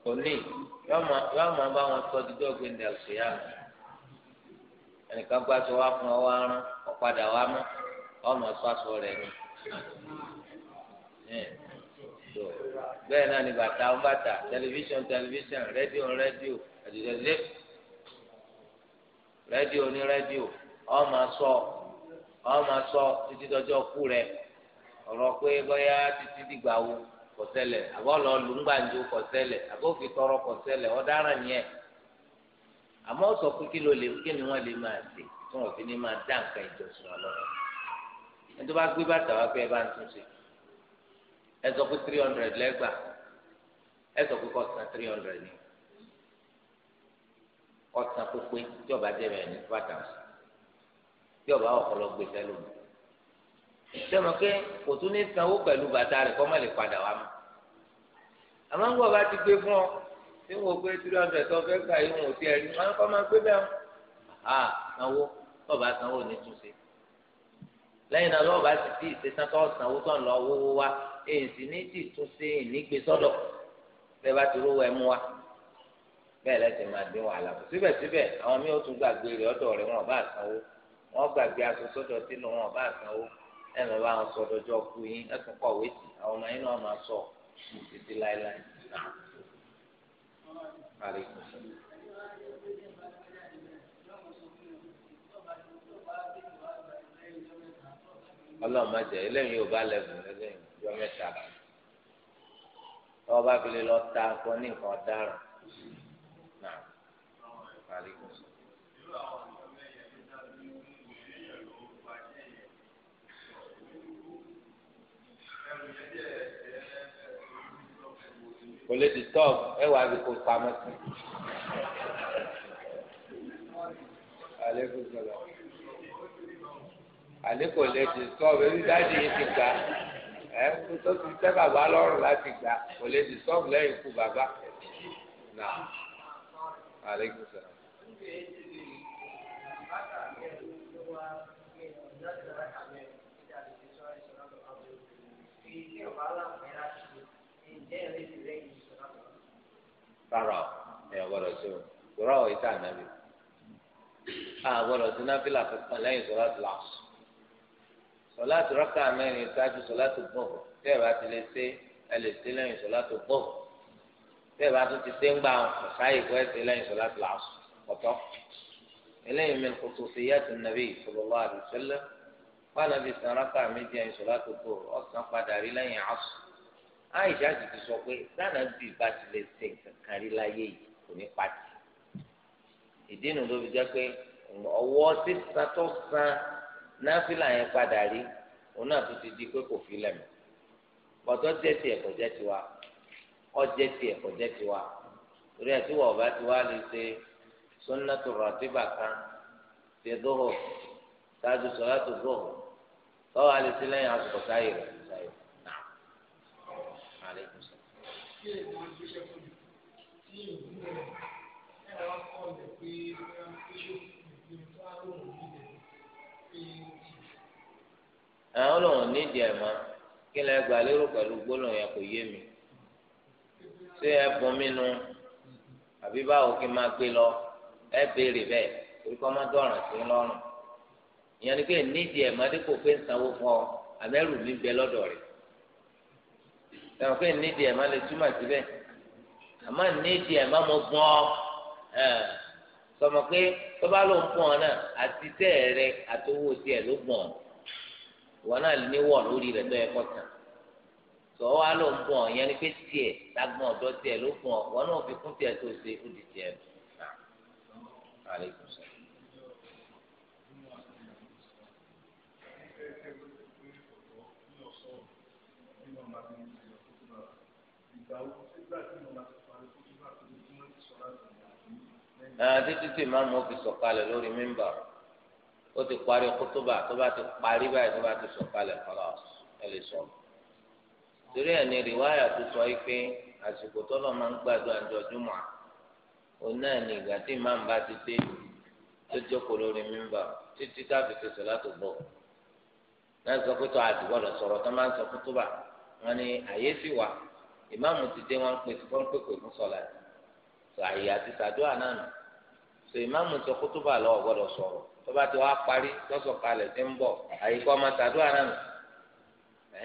kò lè yọ máa bá wọn sọ dídọ́ gbẹ̀ndẹ̀ òṣèyá ẹnìkan gba wa fún ọ wá rán ọ̀padà wa mọ́ ọmọ sọ aṣọ rẹ̀ ni bẹ́ẹ̀ náà ni bàtà ń bàtà tẹlifíṣàn tẹlifíṣàn rédíò rédíò àdìdẹ́dẹ́ rédíò ní rédíò ọmọ sọ ọmọ sọ títí dọjọ́ kú ọ̀rọ̀ pé kọsẹlẹ abe lọ lù ń gbàǹjo kọsẹlẹ àbọ̀ fi tọrọ kọsẹlẹ ọ̀daràn yẹn àmọ́ sọ pé kí ló lè kí ni wọ́n lè máa ṣe tí dá nǹkan ìjọsìn ọlọ́run ẹni tó bá bàtà wá pé ẹ bá ń tún ni kọ́sán pé tí ní bàtà tí sẹ́mi pé kò tún ní sanwó pẹ̀lú bàtà rẹ̀ kọ́ mọ̀ lè padà wá mọ́ àmọ́ ńgbọ́ bá ti gbé fún ọ tí wọ́n gbé three hundred tó fẹ́ gbà yìí wọ́n ti ẹ̀rí wọn kọ́ máa gbé bẹ́ẹ̀ à sanwó tọ́ba sanwó ní túnṣe lẹ́yìn náà lọ́ọ̀bá sì ti ìṣẹ́sán tó sanwó tó ń lọ wówó wá èyí sì ní ti túnṣe ìnígbé sọ́dọ̀ bẹ́ẹ̀ bá ti rówó ẹ mú wa bẹ́ẹ̀ lẹ́sẹ̀ máa dín wàhálà kù síbẹ̀síbẹ̀ àwọn míì ó tún gbàgbé rẹ̀ ọ̀dọ̀ rẹ̀ wọn ò bá sanwó wọn gbàgbé aṣọ sọ́dọ̀ sínú wọn ò bá sanwó ẹ ahụ bá wọn sọ dọjọ́ kú yín ẹ tún kọ̀wé sí àwọn ọmọ yín náà máa sọ ní títí láéláé ọlọ́run má jẹ́ eléyìí ò bá lẹ́bùn ọjọ́ mẹ́ta ọba lọ ta nǹkan ní nǹkan ọ̀daràn. kò lè di tọ́ọ̀bù ẹ wà á fi kó pamọ́ sí i. àlékún sọ̀rọ̀ àlékún lè di tọ́ọ̀bù ebi dájú yìí ti gbà ẹ tó ti tẹ́ bàbá lọ́rùn láti gbà kò lè di tọ́ọ̀bù lẹ́yìn ikú bàbá. nà rárá o èèyàn gbọ́dọ̀ sí o ìrọ àwọn ìta ànábì a gbọ́dọ̀ sí náfìlà kankan lẹ́yìn sọlá tó lásù sọlá tó rọkà mẹ́rin ṣáájú sọlá tó bọ tẹ ẹ bá ti lè ṣe ẹ lè ṣe lẹ́yìn sọlá tó bọ tẹ ẹ bá tún ti ṣe ń gbà ọ̀sáyè kọ́ ẹ ṣe lẹ́yìn sọlá tó lásù ọ̀tọ̀ eléyìí mi kò tó fi yàtọ̀ nàbí sallallahu alaihi wọn nàbí sàn rọkà méjì ẹ̀yìn sọlá tó bọ ọ̀sán padà rí lẹ́yìn àṣù Aisha ti ti sọ pé sáànà bíi bá ti lè ṣe nǹkan kan rí láyé yìí kò ní pàtì ìdí nu ló fi jẹ́ pé ọwọ́ sísa tó san náfìlà yẹn padà rí òun náà tún ti di pé kò fi lẹ̀mọ́ bọ̀dọ̀ jẹ́ jẹ́ tiwa ọjẹ́ tiẹ̀ kò jẹ́ tiwa torí ẹ̀ tí wọ́n bá ti wá lè ṣe kan ṣe ṣáájú àwọn olóhùn nídìí ẹ̀ máa kí lè gbà lérò pẹ̀lú gbólóhùn yẹn kò yé mi ṣé ẹ bùn mí nu àbí báwo kí n máa gbé lọ ẹ béèrè bẹ́ẹ̀ torí kọ́ máa dọ̀ràn sí lọ́rùn ìyẹn ni pé dípò pé ń sanwó fún ọ àmẹ́rù mi bẹ lọ́dọ̀ ẹ̀wọ̀n pé nídìí ẹ̀ má lè túmọ̀ síbẹ̀ àmọ́ nídìí ẹ̀ má mo gbọ́n ọ sọmọ pé tó bá ló ń pọ̀ náà àti tẹ́ ẹ̀ rẹ àtowó tiẹ̀ ló gbọ̀n ìwọ náà ní wọ̀ lórí rẹ̀ tó yẹ kọ́ tán tọ́ wa ló pọ̀ yẹn ni pé tiẹ̀ lágbọ̀n ọ̀dọ́ tiẹ̀ ló gbọ̀n ìwọ náà fi kún tiẹ̀ tó ṣe ó di tiẹ̀ nù. títí tí màmú fi sọ̀kalẹ̀ lórí mímbà ó ti parí kótóbà tó bá ti parí báyìí tó bá ti sọ̀kalẹ̀ kọ́lá ẹ lè sọ. torí ẹ̀ ní rìwáyà tó sọ yìí pé àsìkò tọ́lọ̀ máa ń gbàdúrà jọ júmọ̀ òun náà ní ìgbà tí màmú bá ti dé tó jókòó lórí mímbà títí táfi ti sọ láti bọ̀. náà sọ pé tó àdìgbọ́dọ̀ sọ̀rọ̀ tó máa ń sọ kótóbà wọn ni àyè sì wà. ìmáàmù ti dé wọn pè wọn pè pè fún sọlá tó àyè àti sàdúrà náà nù tó ìmáàmù tó lọ ọgbọdọ sọ̀rọ̀ tó bá ti wá parí lọsọkalẹ ti ń bọ àyíkọ ọmọ sàdúrà náà nù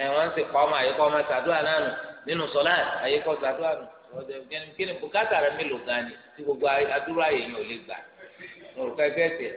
ẹ wọn sì kọ ọmọ àyíkọ ọmọ sàdúrà náà nù nínú sọlá àyíkọ sàdúrà nù bùkátà rẹ mélòó gani gbogbo ò lè gbà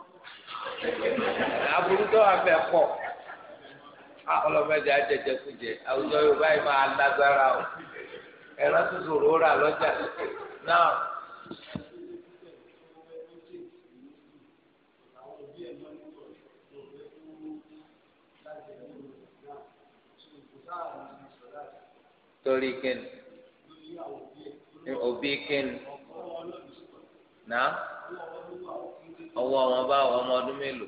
aburú tó wà fẹ́ pọ̀ ọlọ́mọdé ajẹjẹkújẹ yorùbá yìí ma lágbára o ẹ̀rọ tó sòrò ó rà torí ọwọ́ wọn bá wọ ọmọ ọdún mélòó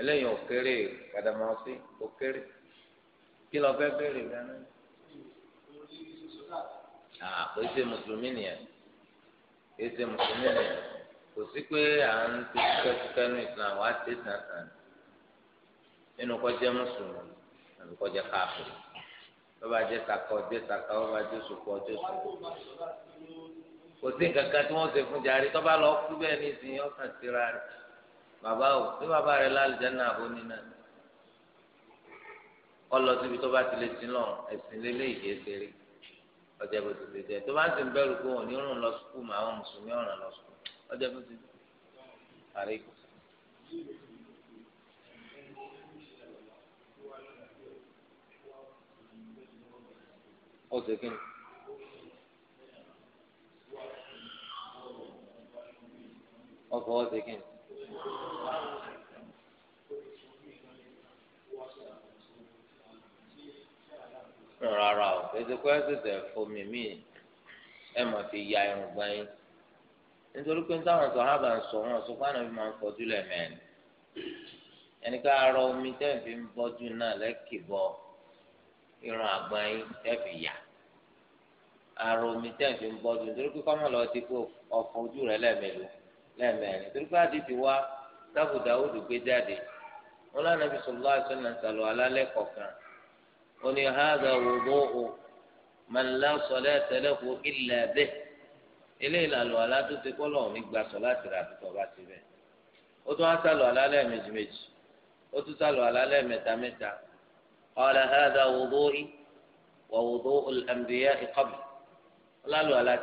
eléyìí ò kéré padàmọ́sí ò kéré kí lọ fẹ́ béèrè gánà àpò ìṣe mùsùlùmí nìyẹn ìṣe mùsùlùmí nìyẹn kò sí pé à ń ti kẹ́kẹ́ nínú Islam wá sí sàǹsàn nínú kọjá mùsùlùmí àbí kọjá káàkiri bàbá jẹ́ sàkọ́ jẹ́ sàkọ́ bàbá jẹ́ sùkọ́ jẹ́ sùkọ́ kò sí nǹkan kan tí wọ́n ṣe fún jàre tó bá lọ kú bẹ́ẹ̀ ní ìsìn ọkàn síra rẹ̀ bàbá o bí bàbá rẹ̀ lálùjá náà bó ní náà ọlọ síbi tó bá ti lè sin lọ ẹ̀sìn lélẹ̀ ìyè ṣeré ọjà bó ti ṣe jẹ tó bá ń sìn bẹ̀rù pé òní rùn lọ sùkúù mà àwọn mùsùlùmí ọ̀ràn lọ sùkúù ọjà bó ti ṣe àrí. ó ṣe kí ni. ọkọ̀ ọ̀sẹ̀ kìíní. rárá o ezekwe ẹsẹsẹ fomi míì ẹ mà fi ya irun gbọn yín nítorí pé táwọn sọ hábà ń sọ wọn sọ fún ànábi máa ń fọjú lẹ́mẹ̀ẹ́ni ẹni ká rọ omi tẹ́ fi ń bọ́jú náà irun àgbọn yín tẹ́ fi yà arọ omi tẹ́ fi ń bọ́jú nítorí pé kọ́mọ̀lọ́ ti kó ọ̀fọ̀ ojú rẹ̀ lẹ́mẹ̀ẹ́lò lẹ́ẹ̀mẹ́rin torí pé àdìsí wa sábò dáwùdù gbé jáde wọn lọ́nà bí sọlá sọ́nà sàlù alálẹ́ kọ̀ọ̀kan ó ní hàgà wòbó o màlá sọlẹ́ tẹ́lẹ̀ kó ilẹ̀ bẹ́ ilé ìlàlù alá tó ti kọ́lọ̀ ní gba sọlá tìrà àti tọ́ba ti bẹ̀ ó tún á sàlù alálẹ́ méjì ó tún sàlù alálẹ́ mẹ́ta mẹ́ta ọ̀là hàgà wòbó i wà wòbó olùdàmbéyà ìkọ́bì ọlálù alá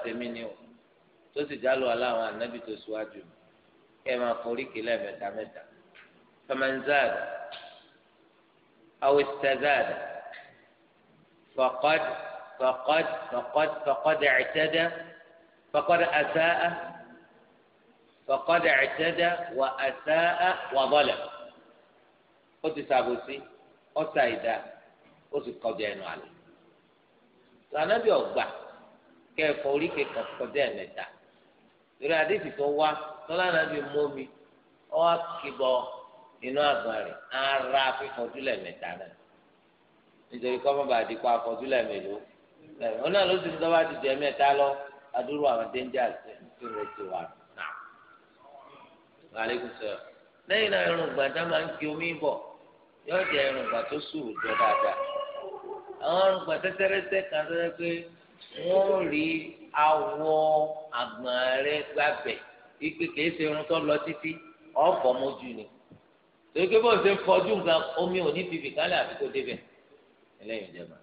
tó sì jálò aláwọn anábì tó síwájú kí ẹ máa forí kílẹ̀ mẹ́ta mẹ́ta famanzada awistazada faqad faqad faqad faqad i'tada faqad asa'a faqad i'tada wa asa'a wa zalama ó ti sàbòsí ó sa ìdá ó sì kọjá ẹnu àlè lànàbì ọgbà kẹfọ oríkè kan kọjá ẹ̀mẹ́ta torí àdéhùn tó wá tọ́lá náà fi mú mi ọwọ́ kìbọ̀ inú àgbọ̀n rẹ̀ ra fífọ́júlẹ̀ mẹ́ta náà nítorí kọ́ mọ́ba àdìpọ̀ àfọ́júlẹ̀ mélòó ọ náà ló ti ní tọ́ba mẹ́ta lọ adúrú àwọn tó ti wà náà. lẹ́yìn náà irun máa ń omi bọ̀ yóò irun tó sùúrù jọ dáadáa àwọn irun kan awọ àgbọ̀n rẹ gbàgbẹ́ ike kìí ṣe irun tó lọ títí ọ̀fọ̀ mojú ni torí pé bó ṣe ń fọjú nǹkan omi ò ní bìbì kálẹ̀ àfi débẹ̀ ẹlẹ́yìn ìjẹba.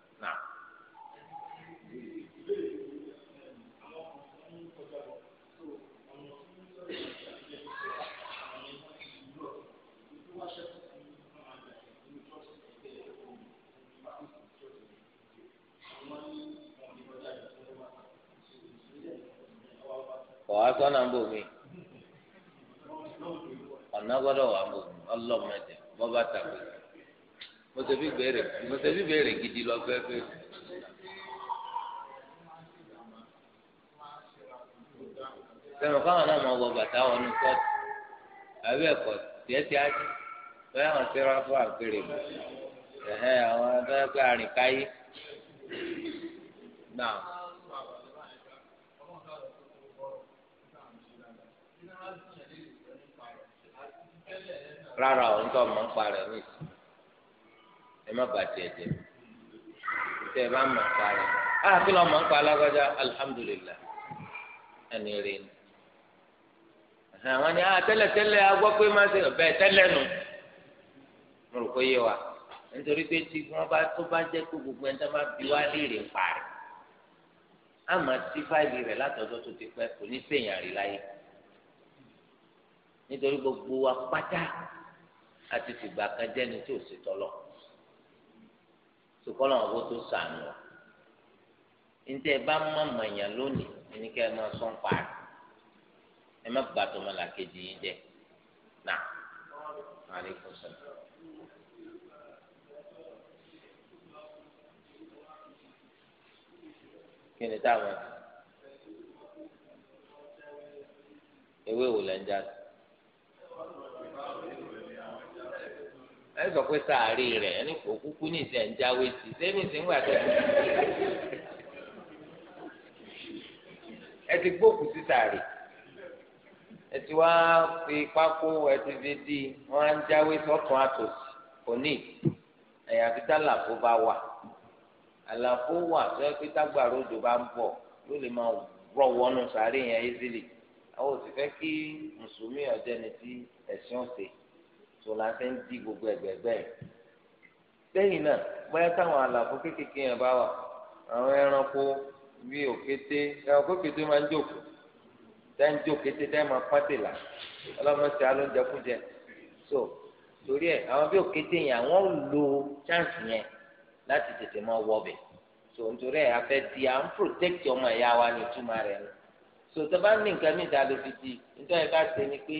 kọ̀ wá sọ́nà ń bò mí ọ̀nà gbọ́dọ̀ wà bò mí ọlọ́mọdé tàbí gidi lọ fẹ́ fẹ́. sẹ́wọ̀n káwọn náà máa wọ bàtà wọn ní kọ́ọ̀tù àbí ẹ̀kọ́ tiẹ̀ ti á fún àpèrè mi ẹ̀hẹ́ rárá o nítorí ọmọ ń parẹ́ ní ìsìn ẹ má bàtì ẹ̀jẹ̀ tẹ́ bá mọ̀ ń parẹ́ ah kí lọ́ọ́ mọ̀ ń pa alágbájá alihamudulilá ẹni rè ni àwọn ni ah tẹ́lẹ̀tẹ́lẹ̀ agbọ́ pé má ṣe ọ̀bẹ tẹ́lẹ̀ nù mo rò pé yé wa nítorí pé tí wọ́n bá tó bá jẹ́ pé gbogbo ẹni tó bá bí wá léèrè ń parẹ́ àmọ́ tí fáìlì rẹ̀ látọ̀dọ̀ tó ti pẹ́ kò ní sèyàn rí láyé nítorí gbogbo wa àti fìgbà kan jẹ́ni tí ò sí tọ́lọ̀ sùkọ́lọ̀ wọn kó tó sànù ọ́ níta ẹ bá má mànyà lónìí ẹni ká ẹ má sọ́n parí ẹ má bàtọ́ ọmọlàkejì yìí jẹ náà aleykum salaam. kí ni táwọn ewé wò lẹ́ńdá sí. ẹ sọ pé sàárè rẹ̀ ẹni kò kúkú ní ìsẹ̀ ń jáwé sí i sẹ́yìn ìsìn wà tẹ̀ ẹ ti gbókùn sí sàárè ẹ ti wá fi pákó ẹ ti fi di wọn á ń jáwé sọ́tún àtòsí kò ní ẹ̀yà fi dálàfó bá wà àlàfo wà tó yẹ pé tágbàrá òjò bá ń bọ̀ yóò lè máa rọ̀ wọnú sàárè yẹn easily àwọn òsì fẹ́ kí mùsùlùmí ọ̀jẹ̀ni tí ẹ̀sìn ọ̀sẹ̀ tó la fẹ́ ń di gbogbo ẹ̀gbẹ̀gbẹ̀ yìí lẹ́yìn náà bóyá táwọn àlàfo kéékèèké yẹn bá wà àwọn ẹranko bíi òkété ẹranko kété máa ń jòkó tẹ́ ń jò kété tẹ́ máa pátì là ọlọ́mọ ti so torí ẹ àwọn bíi òkété yẹn àwọn lo chance yẹn láti tètè máa wọ ọbẹ̀ so nítorí ẹ afẹ́ di à ń protect ọmọ ẹ̀yà wa ní ìtumọ̀ rẹ̀ so tó bá ní nǹkan mìíràn ló fi di nítorí ẹ bá ṣe ni pé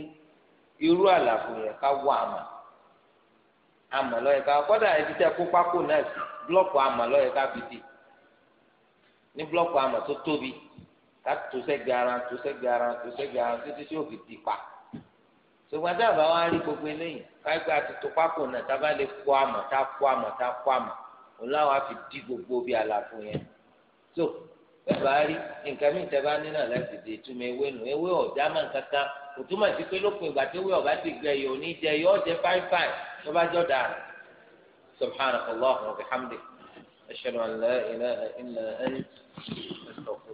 irú àlàfo yẹn ká wọ àmà àmà lọ́yẹ ká kọ́dà ibi tí a kó pákó náà sí blọ́ọ̀kù àmà lọ́yẹ ká fi dì ní blọ́ọ̀kù àmà tó tóbi ká tó sẹ́gbẹ̀ ara tó sẹ́gbẹ̀ ara tó sẹ́gbẹ̀ ara títí tí ó fi dì pa ṣùgbọ́n tá a bá wá rí gbogbo eléyìí káyipẹ́ àti tó pákó náà tá a bá lè kó àmà tá a kó àmà tá a kó àmà òun láwọn á fi dì gbogbo bí àlàfo yẹn so bẹ́ẹ̀ bá rí nǹkan mìíràn tẹ́ bá nínà láti dè túmọ̀ ewé nù ewé ọ̀já kò túmọ̀ sí pé lópin ìgbà tí wíwọ̀ bá ti gbẹ yìí ò ní jẹ yìí ó jẹ fáin fáin tó bá jọ dà subhanahu wa rahmatulahi wa rahmatulahi ilaha illa anta